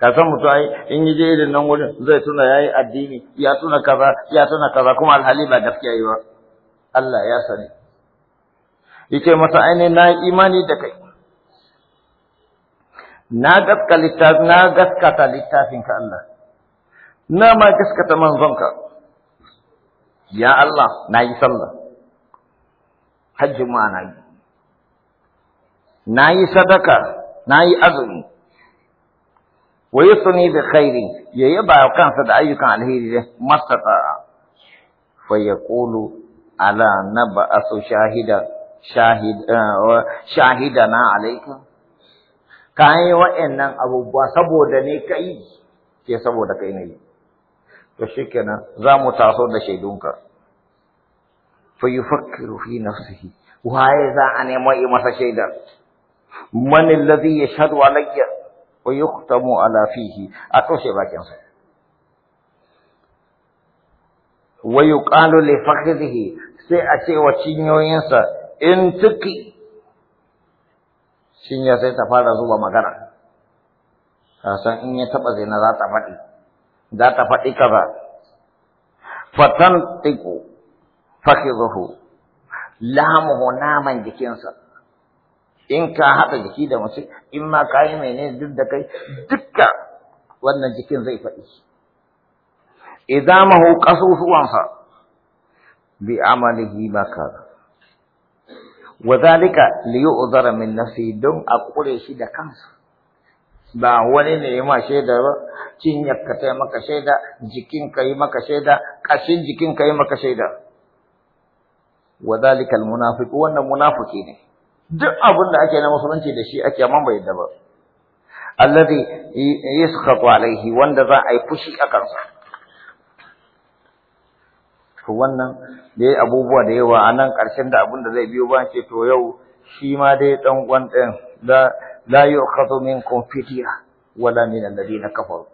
A: ka san mutum ai in yi je nan wurin zai tuna yayi addini ya tuna kaza ya tuna kaza kuma alhali ba gaskiya yi ba Allah ya sani yace masa ainihin na yi imani da kai na gaskata littafin na gaskata littafin ka Allah na ma gaskata manzon ka ya Allah na yi sallah hajjin ma na yi na yi sadaka na yi azumi wa yusni bi khairi, ya yaba kansa da ayyukan alheri da mastata fa ya kulu, ala nab'asu shahida shahid eh, Ka alayka kai wa'annan abubuwa saboda ne kai ke saboda kai ne to kenan, za mu taso da shaidunka fa yi fakiru fi nafsihi waye za a nemo yi masa shaidar man alladhi yashhadu alayya wa yukhtamu ala fihi a toshe bakin sa wa yuqalu li fakhidhihi sai a ce wa cinyoyinsa in tuki cinya sai ta fara zuba magana kasan in ya taba na za ta faɗi za ta faɗi kaza fatan tiku fakhiruhu lamuhu naman jikinsa in ka haɗa jiki da mace in ma ka yi mene duk da kai dukka wannan jikin zai faɗi idamahu sa. bi amalihi maka wa zalika liyo uzara min nafsi don a ƙure shi da kansa ba wani ne ya ma shaida ba cinyar ka ta maka shaida jikin ka yi maka shaida ƙashin jikin ka yi maka shaida wa zalikal munafiq wannan munafiki ne duk abin da ake na musulunci da shi ake amma bai da ba alladhi yaskhatu alaihi wanda za a yi fushi a kansa to wannan dai abubuwa da yawa anan ƙarshen da abin da zai biyo ba ce to yau shi ma dai dan uwan ɗin da la yu'khadhu minkum fidya wala min alladhina kafaru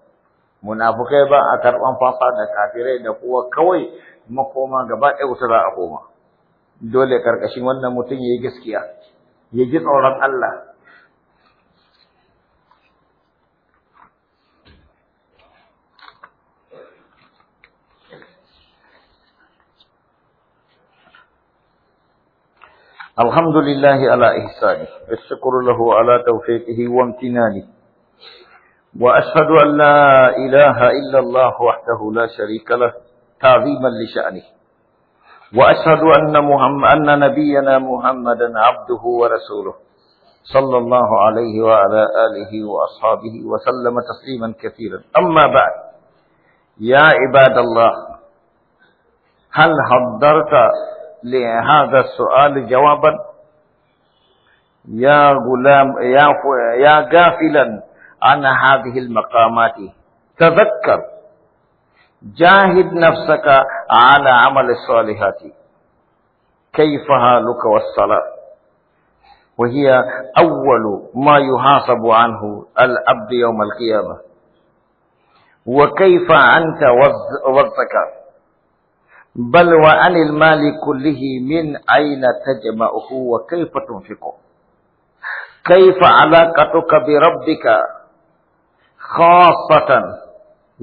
A: munafikai ba a karban fafa da kafirai da kuwa kawai makoma gaba ɗaya wuta za a koma dole karkashin wannan mutum ya yi gaskiya ya ji tsoron Allah الحمد لله على إحسانه الشكر له على توفيقه وامتنانه وأشهد أن لا إله إلا الله وحده لا شريك له تعظيما لشأنه وأشهد أن, محمد أن نبينا محمدا عبده ورسوله صلى الله عليه وعلى آله وأصحابه وسلم تسليما كثيرا أما بعد يا عباد الله هل حضرت لهذا السؤال جوابا يا غلام يا يا غافلا عن هذه المقامات تذكر جاهد نفسك على عمل الصالحات كيف حالك والصلاة وهي أول ما يحاسب عنه الأب يوم القيامة وكيف أنت والزكاة bal wa anil mali kullihi min aina tajma'uhu wa kayfa tunfiqu kayfa alaqatuka bi rabbika khassatan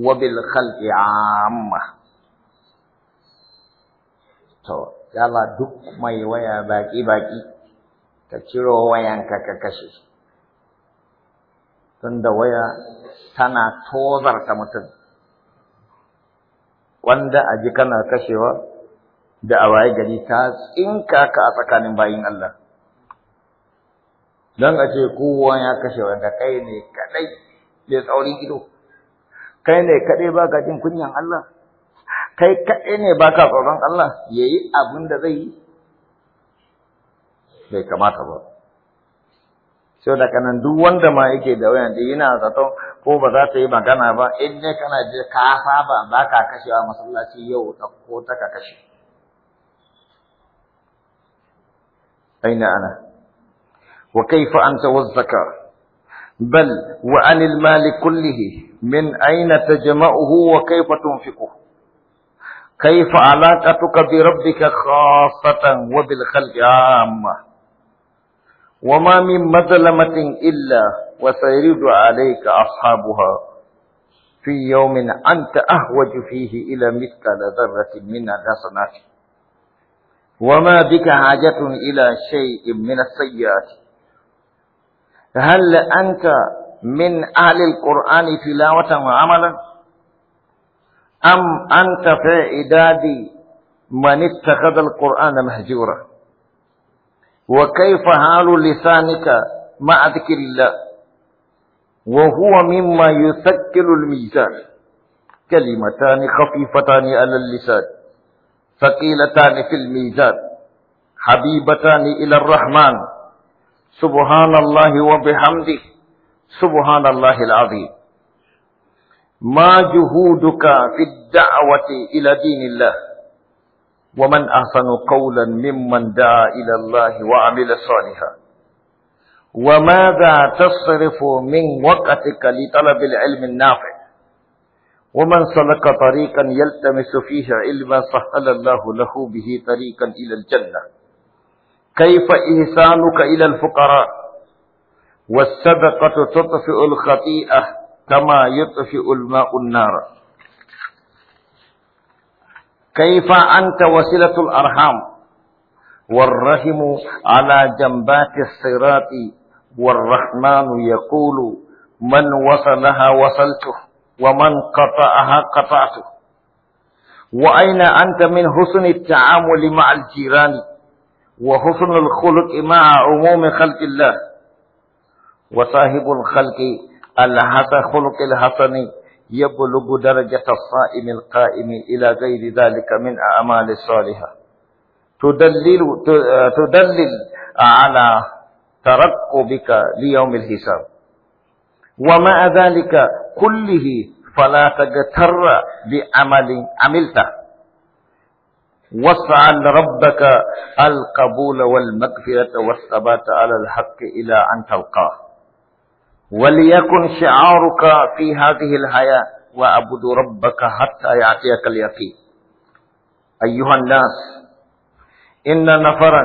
A: wa bil khalqi amma to duk mai waya baƙi-baƙi, ka ciro wayan ka kashe tunda waya tana tozar ta mutum wanda a ji kana kashewa da a waye gari ta tsinka ka a tsakanin bayin Allah don a ce kowa ya kashe wanda kai ne kadai mai tsaurin ido kai ne kadai ba jin kunyan Allah kai kadai ne ba tsoron Allah yayi yi abin da zai yi bai kamata ba sau da kanan duk wanda ma yake da wayan da yana zato ko ba za ta yi magana ba in dai kana je ka saba ba ka kashe wa masallaci yau da ko ta ka kashe aina ana wa kaifa anta wazzaka min aina tajma'uhu wa kaifa أين kaifa alaqatuka bi rabbika khassatan wa bil khalqi amma وما من مظلمة إلا وسيرد عليك أصحابها في يوم أنت أهوج فيه إلى مثقال ذرة من الحسنات وما بك حاجة إلى شيء من السيئات هل أنت من أهل القرآن تلاوة وعملا أم أنت في عداد من اتخذ القرآن مهجورا وكيف حال لسانك مع ذكر الله وهو مما يثقل الميزان كلمتان خفيفتان على اللسان ثقيلتان في الميزان حبيبتان إلى الرحمن سبحان الله وبحمده سبحان الله العظيم ما جهودك في الدعوة إلى دين الله ومن أحسن قولا ممن دعا إلى الله وعمل صالحا وماذا تصرف من وقتك لطلب العلم النافع ومن سلك طريقا يلتمس فيه علما سهل الله له به طريقا إلى الجنة كيف إحسانك إلى الفقراء والصدقة تطفئ الخطيئة كما يطفئ الماء النار كيف أنت وسيلة الأرحام والرحم على جنبات الصراط والرحمن يقول من وصلها وصلته ومن قطعها قطعته وأين أنت من حسن التعامل مع الجيران وحسن الخلق مع عموم خلق الله وصاحب الخلق الحسن خلق الحسن يبلغ درجة الصائم القائم إلى غير ذلك من أعمال الصالحة تدلل, تدلل على ترقبك ليوم الحساب ومع ذلك كله فلا تغتر بعمل عملته واسأل ربك القبول والمغفرة والثبات على الحق إلى أن تلقاه وليكن شعارك في هذه الحياة وأعبد ربك حتى يعطيك اليقين أيها الناس إن نفرا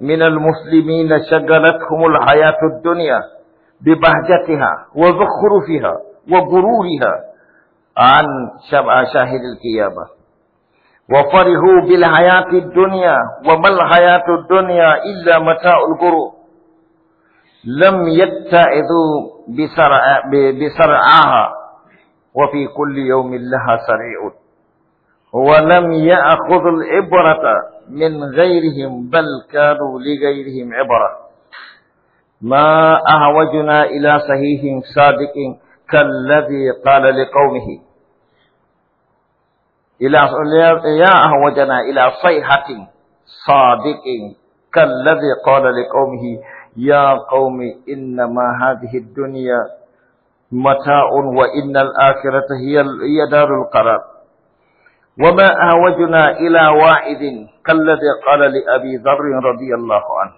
A: من المسلمين شغلتهم الحياة الدنيا ببهجتها وزخرفها وغرورها عن شاهد القيامة وفرحوا بالحياة الدنيا وما الحياة الدنيا إلا متاع الغرور لم يتعظوا بسرعها وفي كل يوم لها سريع ولم يأخذ العبرة من غيرهم بل كانوا لغيرهم عبرة ما أهوجنا إلى صحيح صادق كالذي قال لقومه إلى يا أهوجنا إلى صيحة صادق كالذي قال لقومه يا قوم إنما هذه الدنيا متاع وإن الآخرة هي هي دار القرار وما أهوجنا إلى واعد كالذي قال لأبي ذر رضي الله عنه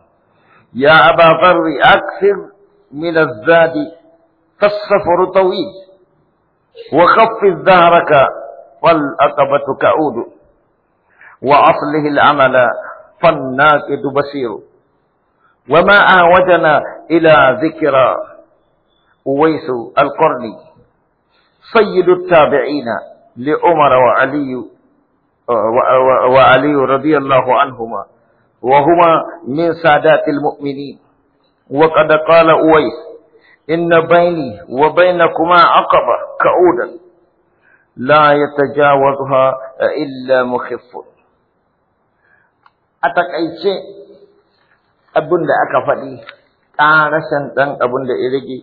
A: يا أبا ذر أكثر من الزاد فالسفر طويل وخف ظهرك فالأقبة كعود وأصله العمل فالناقد بصير وما أعودنا إلى ذكرى أويس القرني سيد التابعين لعمر وعلي آه، وعلي رضي الله عنهما وهما من سادات المؤمنين وقد قال أويس إن بيني وبينكما عقبة كعودا لا يتجاوزها إلا مخف شيء abin da aka faɗi ƙarashin ɗan abin da ya rage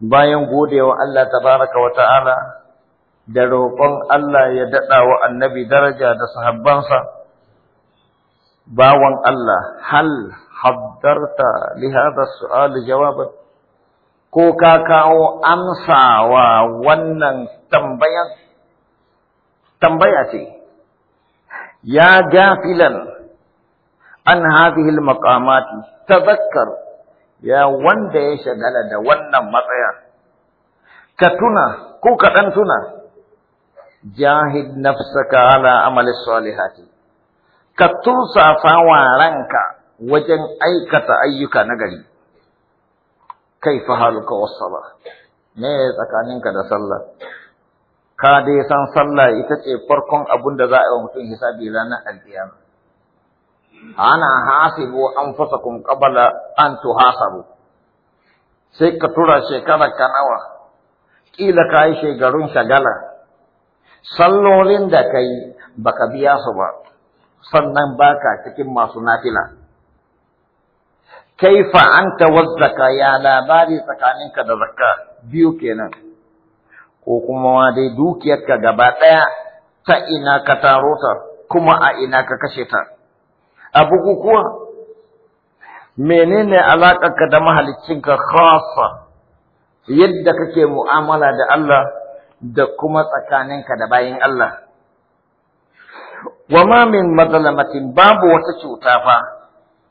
A: bayan godewa Allah ta baraka wa ta'ala da roƙon Allah ya daɗa wa annabi daraja da sahabbansa bawan Allah hal haddarta lihadar hadha su'al ko ka kawo amsawa wannan tambayan tambaya ce ya gafilan an hadhihi al-maqamati tadhakkar ya wanda ya shagala da wannan matsaya ka tuna ko ka dan tuna jahid nafsaka ala amali salihati ka tursafa wa ranka wajen aikata ayyuka na gari kaifa haluka was me tsakaninka da sallah ka dai san sallah ita ce farkon abun da za a yi wa mutum hisabi ranar alkiyama ana hasibu anfusakum qabla an tuhasabu sai ka tura shekara ka nawa kila ka yi shekarun shagala sallolin da ka baka biya su ba sannan baka cikin masu nafila kaifa anta wazzaka ya labari tsakaninka da zakka biyu kenan ko kuma ma dai dukiyarka gaba ɗaya ta ina ka taro ta kuma a ina ka kashe ta a bukukuwa menene alaƙarka da mahalicinka khasa yadda kake mu'amala da Allah da kuma tsakaninka da bayin Allah wa ma min mazlamatin babu wata cuta fa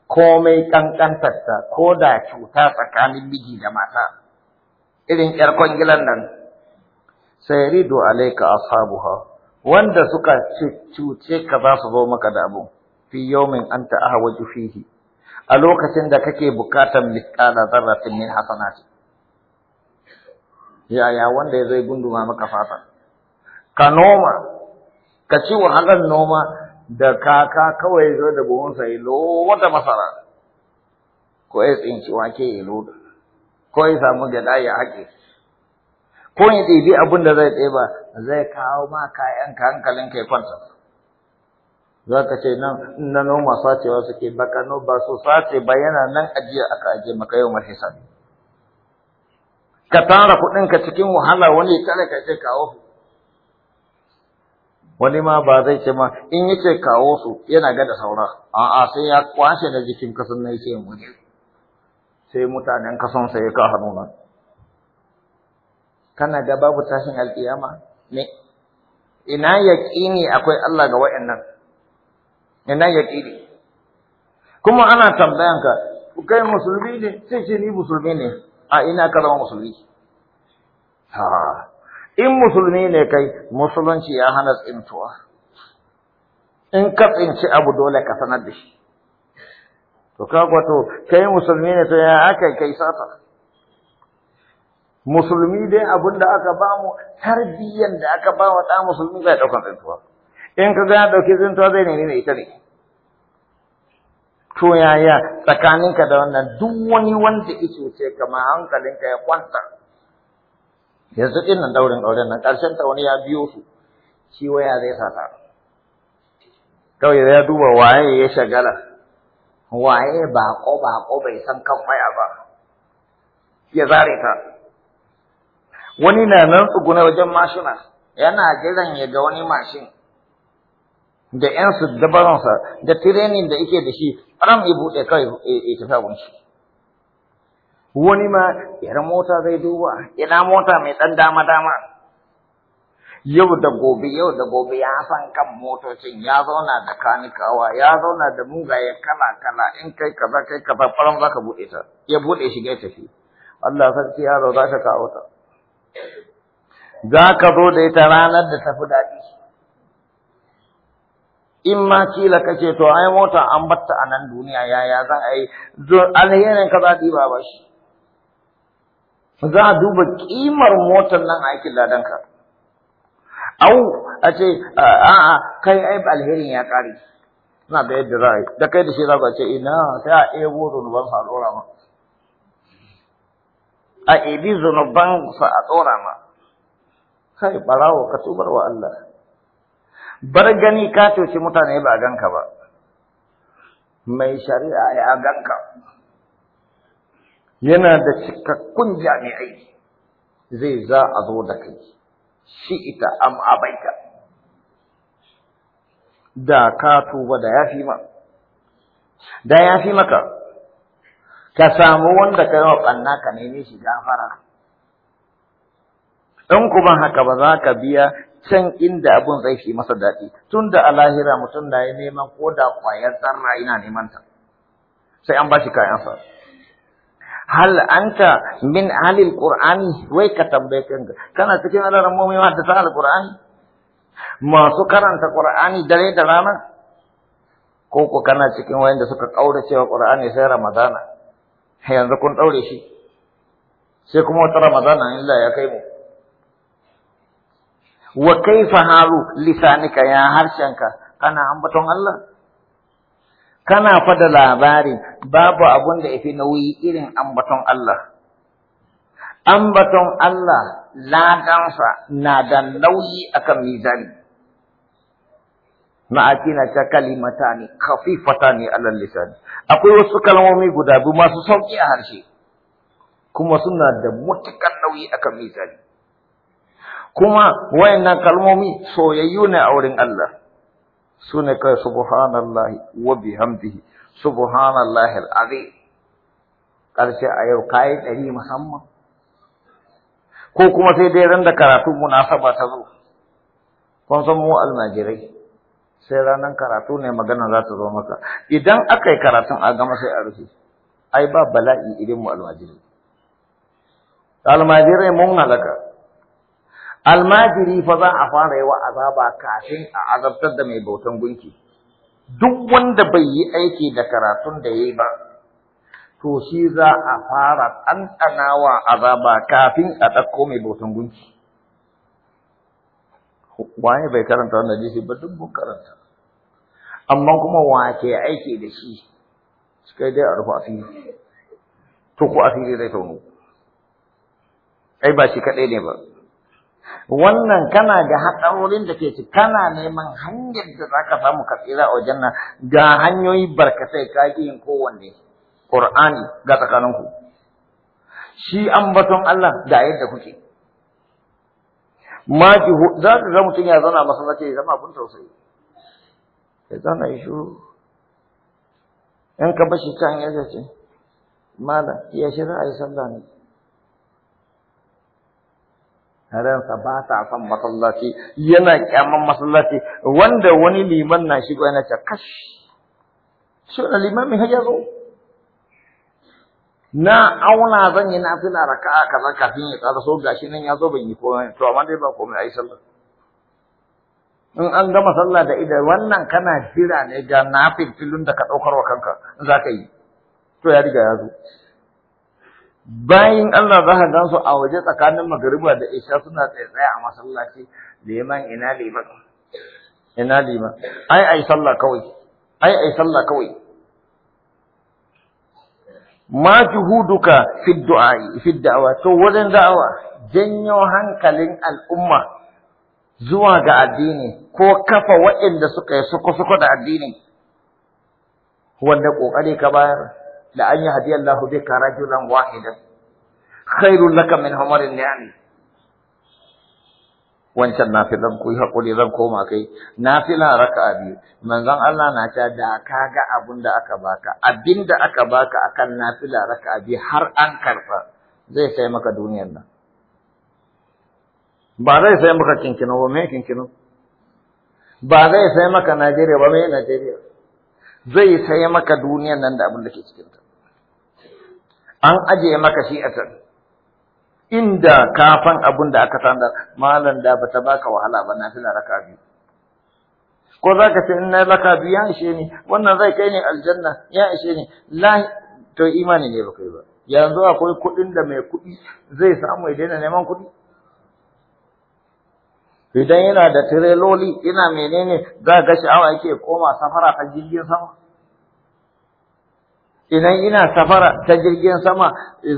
A: komai kankantarta ko da cuta tsakanin miji da mata irin yar kwangilan nan sayridu alayka ashabuha wanda suka cuce ka za su zo maka da abu fi yawmin anta ahwaju fihi a lokacin da kake bukatan misqala zarratin min hasanati yaya wanda zai gunduma maka fata ka noma ka ci wahalar noma da kaka kawai zo da buhunsa ya wata masara ko ya tsinci wake ya lo ko ya samu gyaɗa ya haƙe ko ya ɗebi abin da zai ɗeba zai kawo ma kayan ka hankalin kai kwanta za ka ce nan na noma sacewa suke bakano ba su sace ba yana nan ajiya aka aje maka yau mai hisabi
B: ka tara kuɗinka cikin wahala wani kada
A: ka ce kawo wani ma ba zai ce ma in yace kawo su yana ga da saura a'a sai ya kwashe da jikin kasan nan yace mu sai mutanen kasan sai ka hannu nan kana ga babu tashin alkiyama ne ina yaqini akwai Allah ga wayannan ina yaƙini kuma ana tambayanka kai musulmi ne sai ce ni musulmi ne a ina ka zama musulmi ha in musulmi ne kai musulunci ya hana tsintuwa in ka tsinci abu dole ka sanar da shi to ka kwato kai musulmi ne to ya aka kai sata musulmi dai abin da aka bamu tarbiyyar da aka bawa ɗan musulmi zai ɗaukar tsintuwa in ka ga ɗauki tsintuwa zai nemi mai ita ne to yaya tsakaninka da wannan duk wani wanda ya ce kama hankalinka ya kwanta yanzu ɗin nan daurin ɗaurin nan ƙarshen ta wani ya biyo su shi waya zai sata kawai ya duba waye ya shagala waye baƙo baƙo bai san kan waya ba ya zare ta wani na nan tsuguna wajen mashina yana jiran ya ga wani mashin da yansu dabaransa da tirenin da yake da shi ram ya buɗe kai ya tafi abin shi wani ma yar mota zai duba ina mota mai ɗan dama dama yau da gobe yau da gobe ya san kan motocin ya zauna da kanikawa ya zauna da mugaye kala kala in kai kaza kai kaza faran zaka buɗe ta ya buɗe shi ya tafi Allah sarki yaro za ka kawo ta
B: za ka zo da ita
A: ranar da tafi daɗi in ma kila ka ce to ai mota an batta a nan duniya yaya za a yi alherin ka za diba ba shi za a duba kimar motar nan a aikin ladanka au a ce a'a kai ai alherin ya kare na da yadda za a yi da kai da shi za ku ce ina sai a ebo zunuban sa a tsora ma a ebi zunuban sa a tsora ma kai ɓarawo ka tubar wa Allah bar gani ka cuci mutane ba a ganka ba mai shari'a ya ganka yana da cikakkun jami'ai zai za a zo da kai shi ita am abaita da ka tuba da yafi ma da yafi maka ka samu wanda ka yawa ɓanna ka neme shi gafara in kuma haka ba za ka biya can inda abun zai fi masa daɗi tun da a lahira mutum na yi neman ko da ƙwayar zarra yana neman ta sai an bashi kayansa hal anta min alil qur'ani wai ka tambaye kanka kana cikin alaran mu ma da ta alqur'ani masu karanta qur'ani dare da rana ko ko kana cikin wayanda suka kaura cewa qur'ani sai ramadana yanzu kun daure shi sai kuma wata ramadana illa ya kai mu wa kaifa halu lisanika ya harshenka kana ambaton Allah kana fada labari babu abun da yafi nauyi irin ambaton Allah ambaton Allah ladansa na da nauyi akan mizani ma'akina ta kalimata ne khafifata ne alal lisan akwai wasu kalmomi guda biyu masu sauki a harshe kuma suna da matuƙar nauyi akan mizani kuma wayannan kalmomi soyayyu ne a wurin Allah su ne kai subhanallahi wa bihamdihi subhanallahi alazim karshe a yau kai dari musamman ko kuma sai dai ran da karatu munasaba ta zo kun san mu almajirai sai ranar karatu ne magana za ta zo maka idan aka yi karatun a gama sai a rufe ai ba bala'i idan mu almajirai almajirai mun halaka almajiri fa za a fara yawa azaba kafin a azabtar da mai bautan gunki duk wanda bai yi aiki da karatun da yayi ba to shi za a fara ɗanɗanawa azaba kafin a ɗauko mai bautan gunki waye bai karanta wannan hadisi ba duk mun karanta amma kuma wace aiki da shi kai dai a rufe asiri to ko asiri zai taunu. ai ba shi kaɗai ne ba wannan kana ga haɗarorin da ke ci kana neman hanyar da za ka samu ka tsira a wajen nan ga hanyoyi barkatai ka yin kowanne ƙur'ani ga tsakaninku shi an baton Allah da yadda kuke maki za ka ga mutum ya zana masallaci ya zama abin tausayi ya zana yi shuru in ka bashi can ya ce malam ya shirya a yi sallah ne ransa ba ta son masallaci yana kyaman masallaci wanda wani liman na shigo yana ce kash shi wani liman ya zo na auna zan yi nafila raka'a kaza kafin ya tsara so gashi nan ya zo ban yi komai to amma dai ba komai ai sallah in an gama sallah da ida wannan kana jira ne ga nafilfilun da ka daukar wa kanka in za ka yi to ya riga ya zo Bayan Allah za ka gansu a waje tsakanin magariba da isha suna tsaye a masallaci liman ina liman ina liman ai ai sallah kawai ai ai sallah kawai ma juhuduka fi du'a'i fi da'wa to wajen da'awa janyo hankalin al'umma zuwa ga addini ko kafa waɗanda suka yi suku-suku da addini wanda ƙoƙari ka bayar an yahdi Allah بك رجلا wahidan khairul لك min humarin ni'am wancan nafilan ku yi haƙuri zan koma kai nafila raka'a biyu manzon Allah na ta da kaga ga abin da aka baka abin da aka baka akan nafila raka'a biyu har an karfa zai sai maka duniyar nan ba zai sai maka kinkino ba me kinkino ba zai sai maka Najeriya ba me Najeriya zai sai maka duniyar nan da abin da ke cikin ta an ajiye maka shi a can inda kafan abun da aka da malam da ba ta baka wahala ba na tana raka biyu ko za ka ce ina raka biyu ya ishe ni wannan zai kai ni aljanna ya ishe ni Lahi. to imani ne baka ba yanzu akwai kuɗin da mai kuɗi zai samu ya daina neman kuɗi idan yana da tireloli ina menene za ga sha'awa yake koma safara ta jirgin sama idan ina safara ta jirgin sama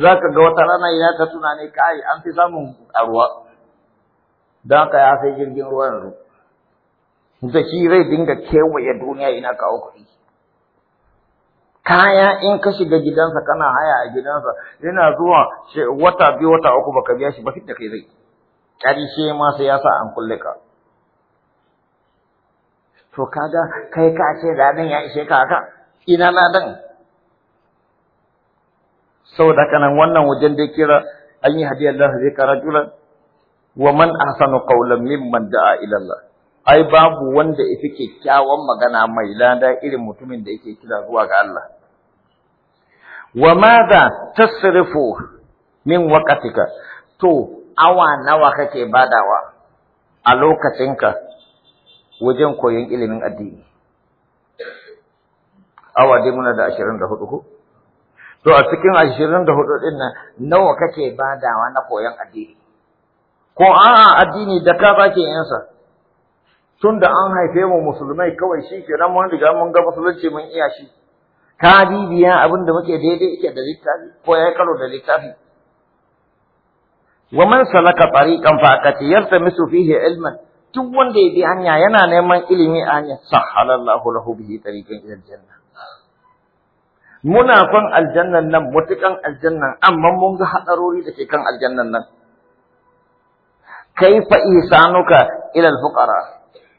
A: za ka ga wata rana ina ta tunani kai an fi samun a ruwa don ka ya sai jirgin ruwa yanzu da shi zai dinga kewaye duniya ina kawo kuɗi kaya in ka shiga gidansa kana haya a gidansa yana zuwa wata biyu wata uku baka biya shi ba da kai zai ƙarshe ma sai ya sa an kulle ka to kaga kai ka ce ladan ya ishe ka haka ina ladan saboda haka nan wannan wajen da kira an yi hadiyar Allah zai kara jula wa man ahsanu qawlan mimman da'a ila Allah ai babu wanda yake kyakkyawan magana mai lada irin mutumin da yake kira zuwa ga Allah wa madha tasrifu min waqtika to awa nawa kake badawa a lokacinka wajen koyon ilimin addini awa dai muna da 24 ko to a cikin ashirin da hudu ɗin nan nawa kake badawa na koyon addini ko a'a addini da ka bace yansa tun da an haife mu musulmai kawai shi nan mun riga mun ga musulunci mun iya shi ka bibiya abin da muke daidai yake da littafi ko ya karo da littafi wa man salaka tariqan fa akati yaltamisu fihi ilman duk wanda ya bi hanya yana neman ilimi a hanya sahalallahu lahu bihi tariqan ila janna muna kan aljannan nan mutukan aljannan amma mun ga hadarori da ke kan aljannan nan kaifa isanuka ila alfuqara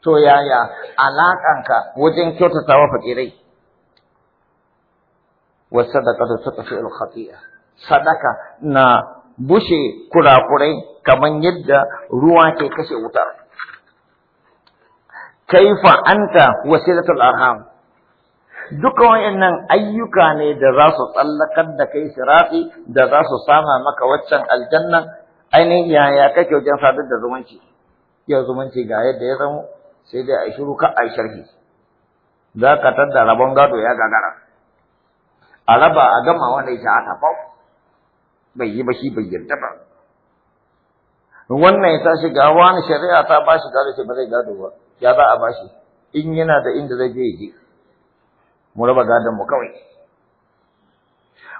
A: to yaya alakanka wajen kyautatawa fakirai wasadaqatu tutfi alkhati'a sadaka na bushe kurakurai kamar yadda ruwa ke kashe wutar kaifa anta wasilatul arham duka wayannan ayyuka ne da za su tsallakar da kai sirafi da za su sama maka waccan aljannan ainihin yaya kake wajen sadar da zumunci yau zumunci ga yadda ya zamo sai dai a shiru ka a sharhi za ka tadda rabon gado ya gagara a raba a gama wanda ya sha'ata fa bai yi ba shi bai yarda ba wannan ya tashi ga wani shari'a ta ba shi gado ce ba zai gado ba ya za a ba shi in yana da inda zai je ya je mu raba gadon mu kawai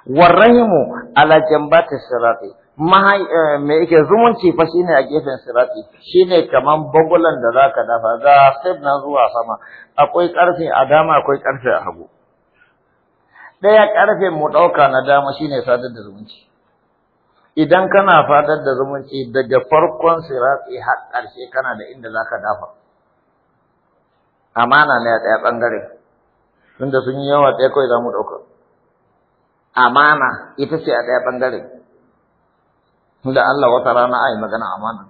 A: warrahimu ala jambati sirati eh, me yake zumunci fa shine a gefen sirati shine kaman bagulan da zaka dafa ga na zuwa sama akwai karfe a dama akwai karfe a hagu daya karfe mu dauka na dama shine sadar da zumunci idan kana fadar da zumunci daga farkon siratsi har karshe kana da inda zaka dafa amana ne a ɗaya ɓangare tunda sun yi yawa ɗaya kawai za mu ɗauka amana ita ce a ɗaya ɓangare da Allah wata rana a yi magana amana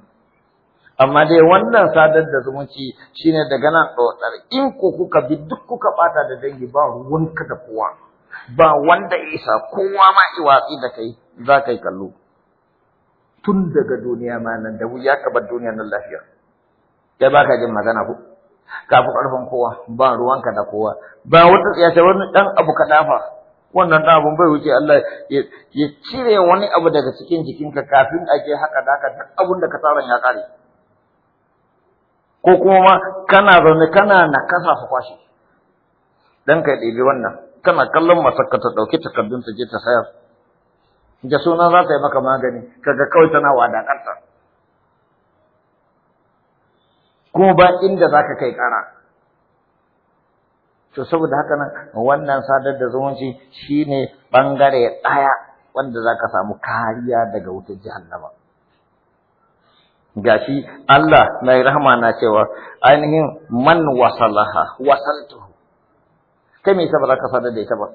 A: amma dai wannan sadar da zumunci shi ne daga nan ɗautar in ko kuka bi duk kuka ɓata da dangi ba ruwanka da kowa ba wanda isa kowa ma iwatsi da kai za ka yi kallo tun daga duniya ma nan da wuya ka bar duniya nan lafiya ya baka jin magana ku? Kafin ƙarfin kowa ba ruwanka da kowa ba wata ya ce wani ɗan abu ka dafa wannan ɗan abun bai wuce Allah ya cire wani abu daga cikin jikinka kafin a je haka da haka duk abun da ka tsara ya ƙare ko kuma ma kana zaune kana na kasa su kwashe dan ka ɗebi wannan kana kallon masakka ta ɗauki takardun ta je ta sayar da suna za ta yi maka magani kaga kawai tana wadatarta ko ba inda za ka kai ƙara. To saboda haka nan wannan sadar da zumunci shi ne ɓangare ɗaya wanda za ka samu kariya daga wuta wutar jahannama. Gashi Allah mai rahama na cewa ainihin man wasalaha wasaltu. Kai me yasa ba za ka sadar da ita ba?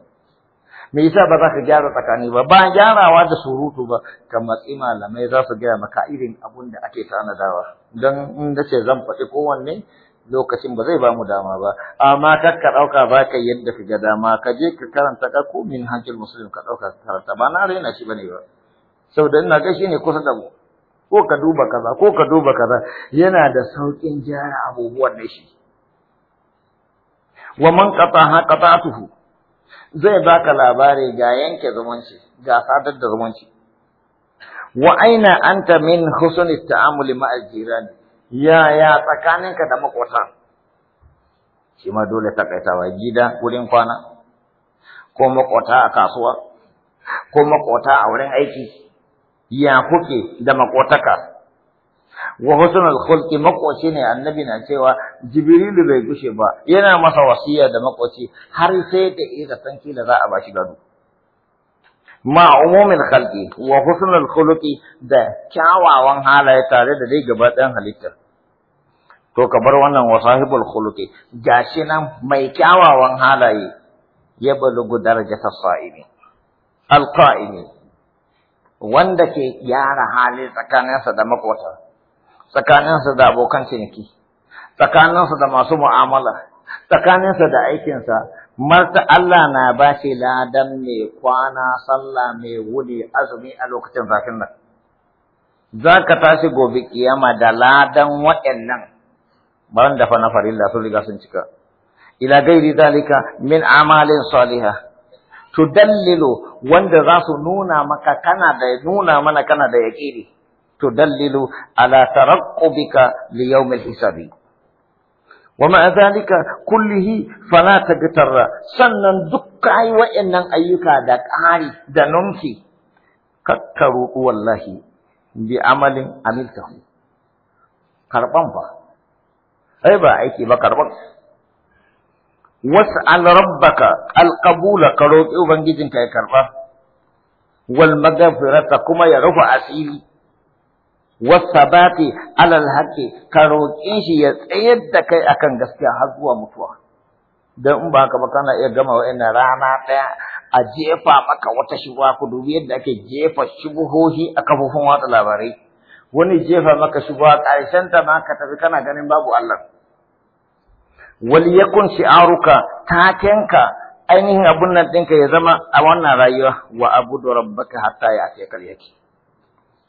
A: me yasa ba za ka gyara tsakani ba ba gyarawa da surutu ba ka matsi malamai za su gaya maka irin abun da ake tanadawa don in da ce zan faɗi kowanne lokacin ba zai ba mu dama ba amma kar ka ɗauka ba ka yadda ka ga dama ka je ka karanta ka ko min musulun ka ɗauka ka karanta ba na raina shi ne ba saboda ina ga ne kusa da mu ko ka duba kaza ko ka duba kaza yana da saukin gyara abubuwan da shi wa man qata ha qata'tuhu zai baka labari ga yanke zumunci ga sadar da zumunci wa aina anta min husni ta'amul ma'al jirani ya ya tsakaninka da makota shi ma dole kaitawa gida wurin kwana ko makota a kasuwa ko makota a wurin aiki ya kuke da makotaka wa husnul khulqi makoci ne annabi na cewa jibrilu bai gushe ba yana masa wasiya da makoci har sai da ita tanki da za a bashi gado ma umumin khalqi wa husnul khulqi da kyawawan halaye tare da dai gaba ɗayan halitta to ka bar wannan wasahibul khulqi gashi nan mai kyawawan halaye ya balugu darajata sa'imi alqa'imi wanda ke gyara hali tsakaninsa da makwata tsakaninsa da abokan ciniki tsakaninsa da masu mu'amala tsakaninsa da aikinsa marta Allah na ba shi ladan mai kwana sallah mai wuri azumi a lokacin zafin nan za ka tashi gobe kiyama da ladan waɗannan ban dafa na farilla sun riga sun cika ila gairi zalika min amalin saliha tudallilu wanda za su nuna maka kana da nuna mana kana da yaƙini تدلل على ترقبك ليوم الحساب ومع ذلك كله فلا تغتر سنن دكاي وإنن أيكا دكاري دنمكي كتروا والله بعمل عملته كربان با أي با أيكي با كربان واسأل ربك القبول كروت أبنجدن كي كربان والمغفرة كما يرفع أسيري wasabati alal haqqi ka roƙe shi ya tsayar da kai akan gaskiya har zuwa mutuwa dan in ba haka ba kana iya gama wa'annan rana ɗaya a jefa maka wata shubuha ku dubi yadda ake jefa shubuhohi a kafofin watsa labarai wani jefa maka shubuha ƙarshen ta ma ka tafi kana ganin babu Allah wal yakun shi'aruka takenka ainihin abun nan ɗinka ya zama a wannan rayuwa wa abudu rabbaka hatta ya ce yake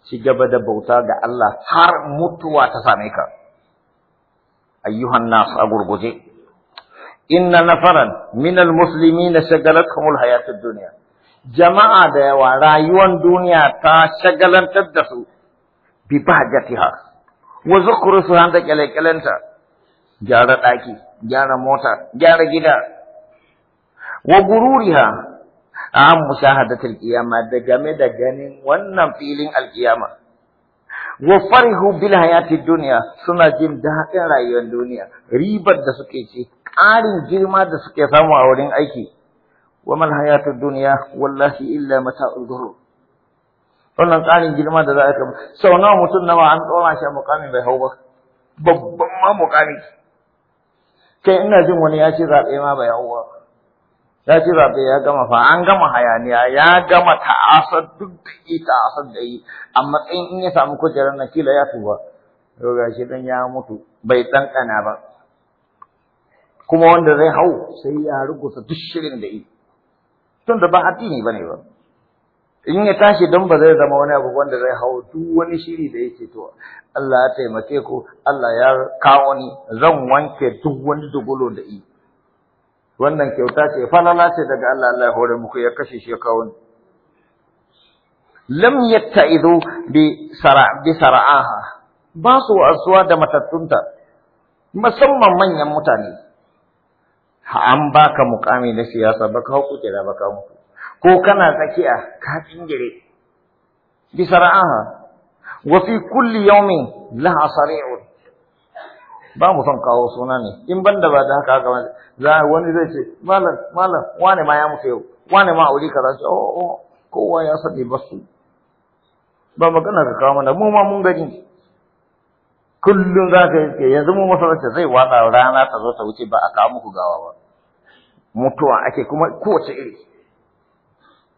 A: ci gaba da bauta ga Allah har mutuwa ta same ka ayyuhan nasu a gurguje inna nafaran minal shagalar shagalathumul hayatun duniya. jama'a da yawa rayuwar duniya ta shagalantar da su bi bahjatiha wa zukhrusuha da kyalekyalenta gyara daki gyara mota gyara gida wa gururiha an musahadatul kiyama da game da ganin wannan filin alkiyama wa farihu bil hayatid dunya suna jin daɗin rayuwar duniya ribar da suke ci ƙarin girma da suke samu a wurin aiki wa mal hayatid dunya wallahi illa mata'ul ghurur wannan ƙarin girma da za a kama sau nawa mutum nawa an tsora shi a mukamin bai hau ba babban ma mukami kai ina jin wani ya ce zaɓe ma bai hau ba ya ci zaɓe ya gama fa an gama hayaniya ya gama ta'asar duk da ita ta'asar da yi a matsayin in ya samu kujerar na kila ya tuba to shi dan ya mutu bai ɗanɗana ba kuma wanda zai hau sai ya rugusa duk shirin da yi tun da ba addini ne ba in ya tashi don ba zai zama wani abu wanda zai hau duk wani shiri da yake to Allah ya taimake ku Allah ya kawo ni zan wanke duk wani dugulo da yi wannan kyauta ce falala ce daga Allah Allah ya hore muku ya kashe shi kawun lam yata'idu bi sara bi sara'aha ba su asuwa da matattunta musamman manyan mutane an baka mukami na siyasa baka hukuce da baka mutu ko kana tsakiya ka tsingire bi sara'aha wa fi kulli yawmin laha sari'un ba mu son kawo suna ne in ban da ba da haka haka za wani zai ce malam malam wane ma ya mutu yau wane ma aure kaza ce oh oh kowa ya sani ba ba magana ka kawo mana mu ma mun gani kullum za ka yake yanzu mu masallaci zai watsa rana ta zo ta wuce ba a kawo muku gawa ba mutuwa ake kuma kowace iri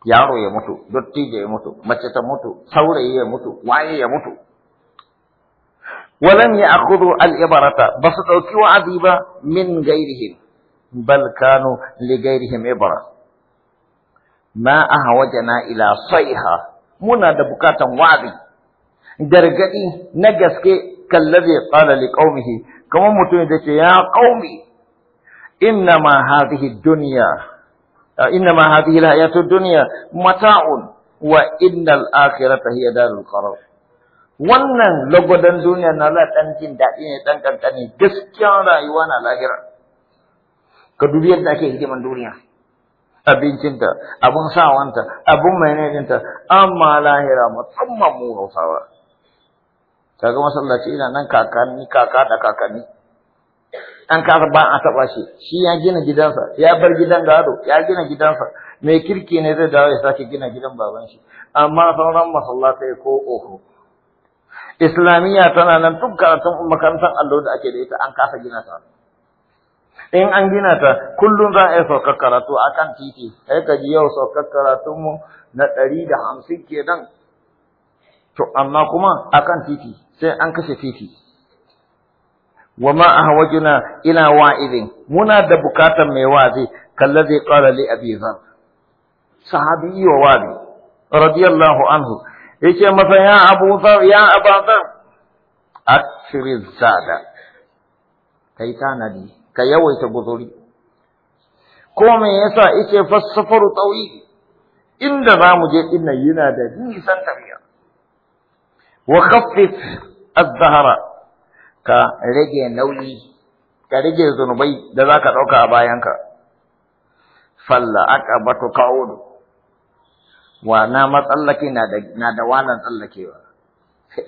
A: yaro ya mutu dottijo ya mutu mace ta mutu saurayi ya mutu waye ya mutu ولم يأخذوا العبرة بس توكيوا عذيبا من غيرهم بل كانوا لغيرهم عبرة ما أهوجنا إلى صيحة منا دبكاتا وعدي درجتي نجسكي كالذي قال لقومه كما متون يا قومي إنما هذه الدنيا إنما هذه الحياة الدنيا متاع وإن الآخرة هي دار القرار wannan lagwadon duniya na la ɗan jin daɗi ne ɗan ƙanƙani gaskiya rayuwa na lahira ka dubi yadda ake hidiman duniya abincinta abun sawanta abun menenenta amma lahira musamman mu hausawa kaga masallaci ina nan kakanni kaka da kakanni an kasa ba a taɓa shi shi ya gina gidansa ya bar gidan gado ya gina gidansa mai kirki ne zai dawo ya sake gina gidan baban shi amma sauran masallatai ko oho islamiyya tana nan duk karatun makarantar allo da ake da ita an kasa gina ta in an gina ta kullum za a yi saukar karatu a kan titi sai ka ji yau saukar karatunmu na ɗari da hamsin kenan to amma kuma akan kan titi sai an kashe titi wa ma ahwajuna ila wa'idin muna da bukatar mai wazi zai qala li abi zan. sahabi wa wazi radiyallahu anhu yace masa ya Abu Zar ya Aba Zar akshirin sada kai tanadi ka yawaita guzuri ko me yasa yace fassafaru tawil inda za mu je din yana da nisan tafiya wa khaffif az-zahara ka rage nauyi ka rage zunubai da zaka dauka a bayanka falla aqabatu qa'ud wa na matsallake na da na da wannan tsallakewa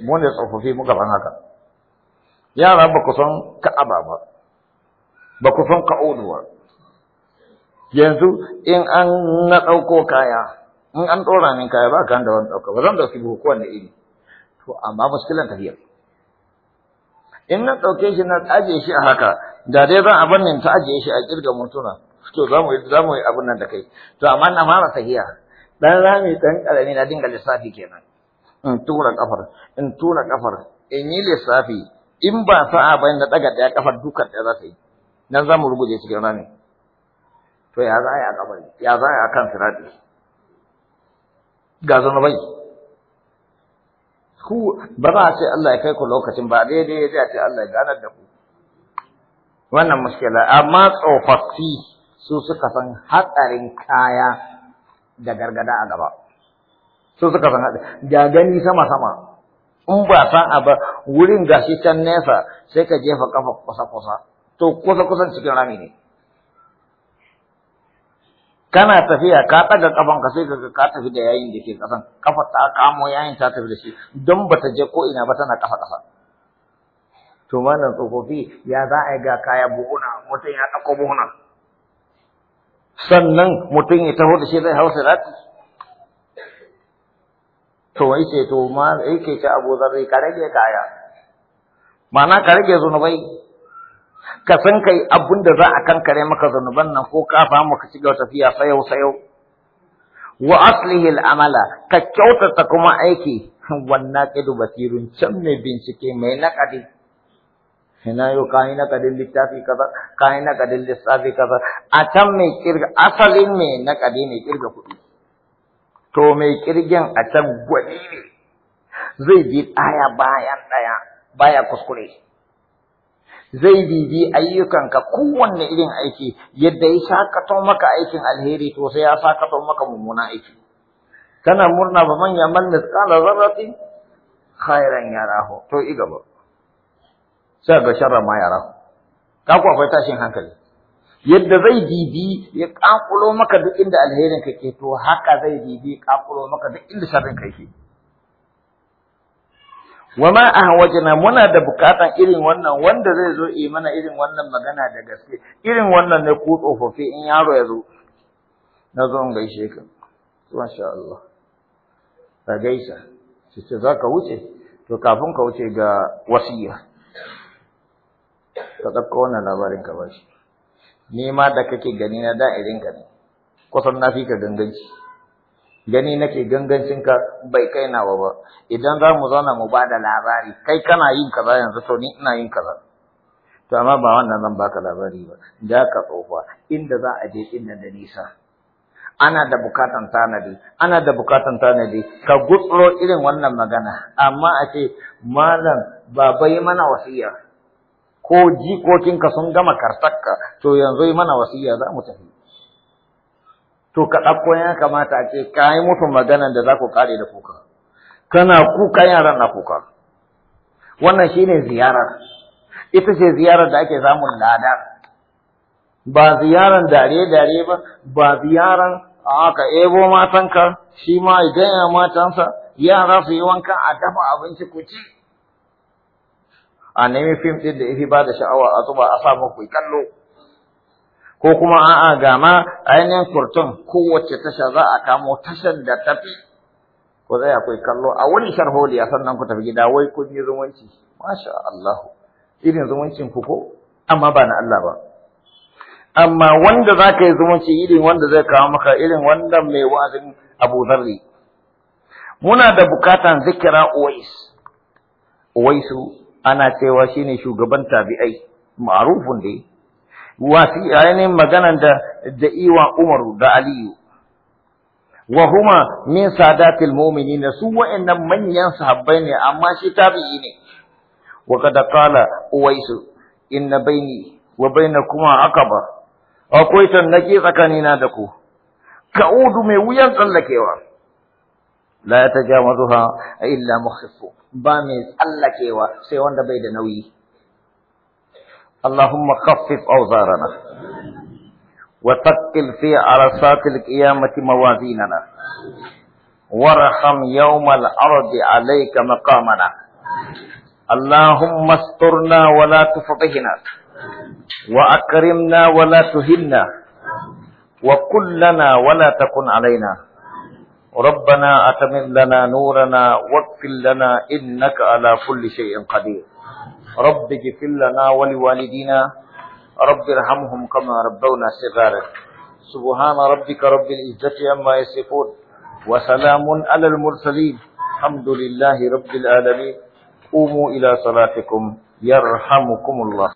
A: mu ne tsofaffi mu gaban haka yara ba ku san ka'aba ba ba ku san ka'uduwa yanzu in an na ɗauko kaya in an ɗora min kaya ba kan da wani ɗauka ba zan su buhu kowanne iri to amma muskilan tafiyar in na ɗauke shi na ajiye shi a haka da dai zan abin nan ta ajiye shi a kirga mutuna to za mu yi abin nan da kai to amma na mara sahiya. dan rami dan karami na dinga lissafi kenan in tura kafar in tura kafar in yi lissafi in ba sa'a bayan da daga daya kafar dukan da za ta yi nan za mu rubuce cikin rami to ya za a yi a kafar ya za a yi a kan sirati ga bai. ku ba za a ce Allah ya kai ku lokacin ba daidai ya ce Allah ya ganar da ku wannan mushkila amma tsofaffi su suka san hatsarin kaya da gargada a gaba su suka san ga gani sama sama in ba san wurin gashi can nesa sai ka jefa kafa kusa kusa to kusa kusan cikin rami ne kana tafiya ka ɗaga ka sai ka ka tafi da yayin da ke kasan kafa ta kamo yayin ta tafi da shi don bata je ko ina ba tana kafa kasa to malam tsofaffi ya za a yi ga kaya buhuna mutum ya ɗauko buhuna sannan mutum ya taho da shi zai hausa rati to wai ce to ma yake ci abu zarri ka rage kaya ma'ana ka rage zunubai ka san kai abin da za a kankare maka zunuban nan ko ka samu ka ci tafiya sayau sayau wa aslihi al'amala ka kyautata kuma aiki wannan kidu basirun can ne bincike mai naƙari. ina yau ka yi nakadin littafi kaza ka yi nakadin kaza a can mai kirga asalin na nakadi mai kirga kuɗi to mai kirgin a can gwani ne zai bi ɗaya bayan ɗaya baya kuskure zai bibi ayyukanka kowanne irin aiki yadda ya sakato maka aikin alheri to sai ya sakato maka mummuna aiki kana murna ba manya man misqala zarafi, khairan yarahu to sai ga sharra ma yara ka ku akwai tashin hankali yadda zai bibi ya kakulo maka duk inda alherin ka ke to haka zai bibi kakulo maka duk inda sharrin ka ke wa ma ahwajna muna da bukatan irin wannan wanda zai zo yi mana irin wannan magana da gaske irin wannan ne ku tsofaffi in yaro ya zo na zo in gaishe ka masha Allah ka gaisa sai za ka wuce to kafin ka wuce ga wasiya ka ɗauko wannan labarin ka bashi ni ma da kake gani na da'irin ka ne kusan na fi ka ganganci gani nake gangancin ka bai kai nawa ba idan za mu zauna mu ba da labari kai kana yin kaza yanzu to ni ina yin kaza to amma ba wannan zan baka labari ba da ka tsofa inda za a je inda da nisa ana da bukatan tanadi ana da bukatan tanadi ka gutsuro irin wannan magana amma a ce malam ba bai mana wasiya ko jikokinka sun gama kartakka to yanzu yi mana wasiya za mu tafi to ka ɗauko ya kamata a ce ka yi mutum magana da za ku kare da kuka kana kuka yaran na kuka wannan ne ziyarar ita ce ziyarar da ake samun lada ba ziyarar dare-dare ba ba ziyarar aka ebo matanka shi ma idan ya matansa yara su yi wanka a dafa abinci ku ci a nemi fim ɗin da ifi ba da sha'awa a zuba a sa kai kallo ko kuma a ga ma ainihin kurtun kowace tasha za a kamo tashar da tafi ko zai akwai kallo a wani sharholiya sannan ku tafi gida wai kun yi zumunci masha Allah irin zumuncin ku ko amma ba na Allah ba amma wanda za ka yi zumunci irin wanda zai kawo maka irin wanda mai wa'azin Abu Zarri muna da bukatan zikira Uwais Uwaisu ana cewa shine shugaban tabi'ai ma'rufun dai wasi ainihin maganan da da iwa Umar da Ali wa huma min sadatil mu'minin su wa'annan manyan sahabbai ne amma shi tabi'i ne wa kada qala uwaisu inna baini wa bainakuma aqaba
B: akwai tannaki
A: tsakanina da ku ka'udu mai wuyan tsallakewa la yatajawazuha illa mukhiffu ba mai tsallakewa sai wanda bai da nauyi اللهم خفف أوزارنا وثقل في عرصات القيامة موازيننا وارحم يوم الأرض عليك مقامنا اللهم استرنا ولا تفضحنا وأكرمنا ولا تهنا وكلنا ولا تكن علينا ربنا أتمن لنا نورنا واغفر لنا إنك على كل شيء قدير رب اغفر لنا ولوالدينا رب ارحمهم كما ربونا صغارا سبحان ربك رب العزة عما يصفون وسلام على المرسلين الحمد لله رب العالمين قوموا إلى صلاتكم يرحمكم الله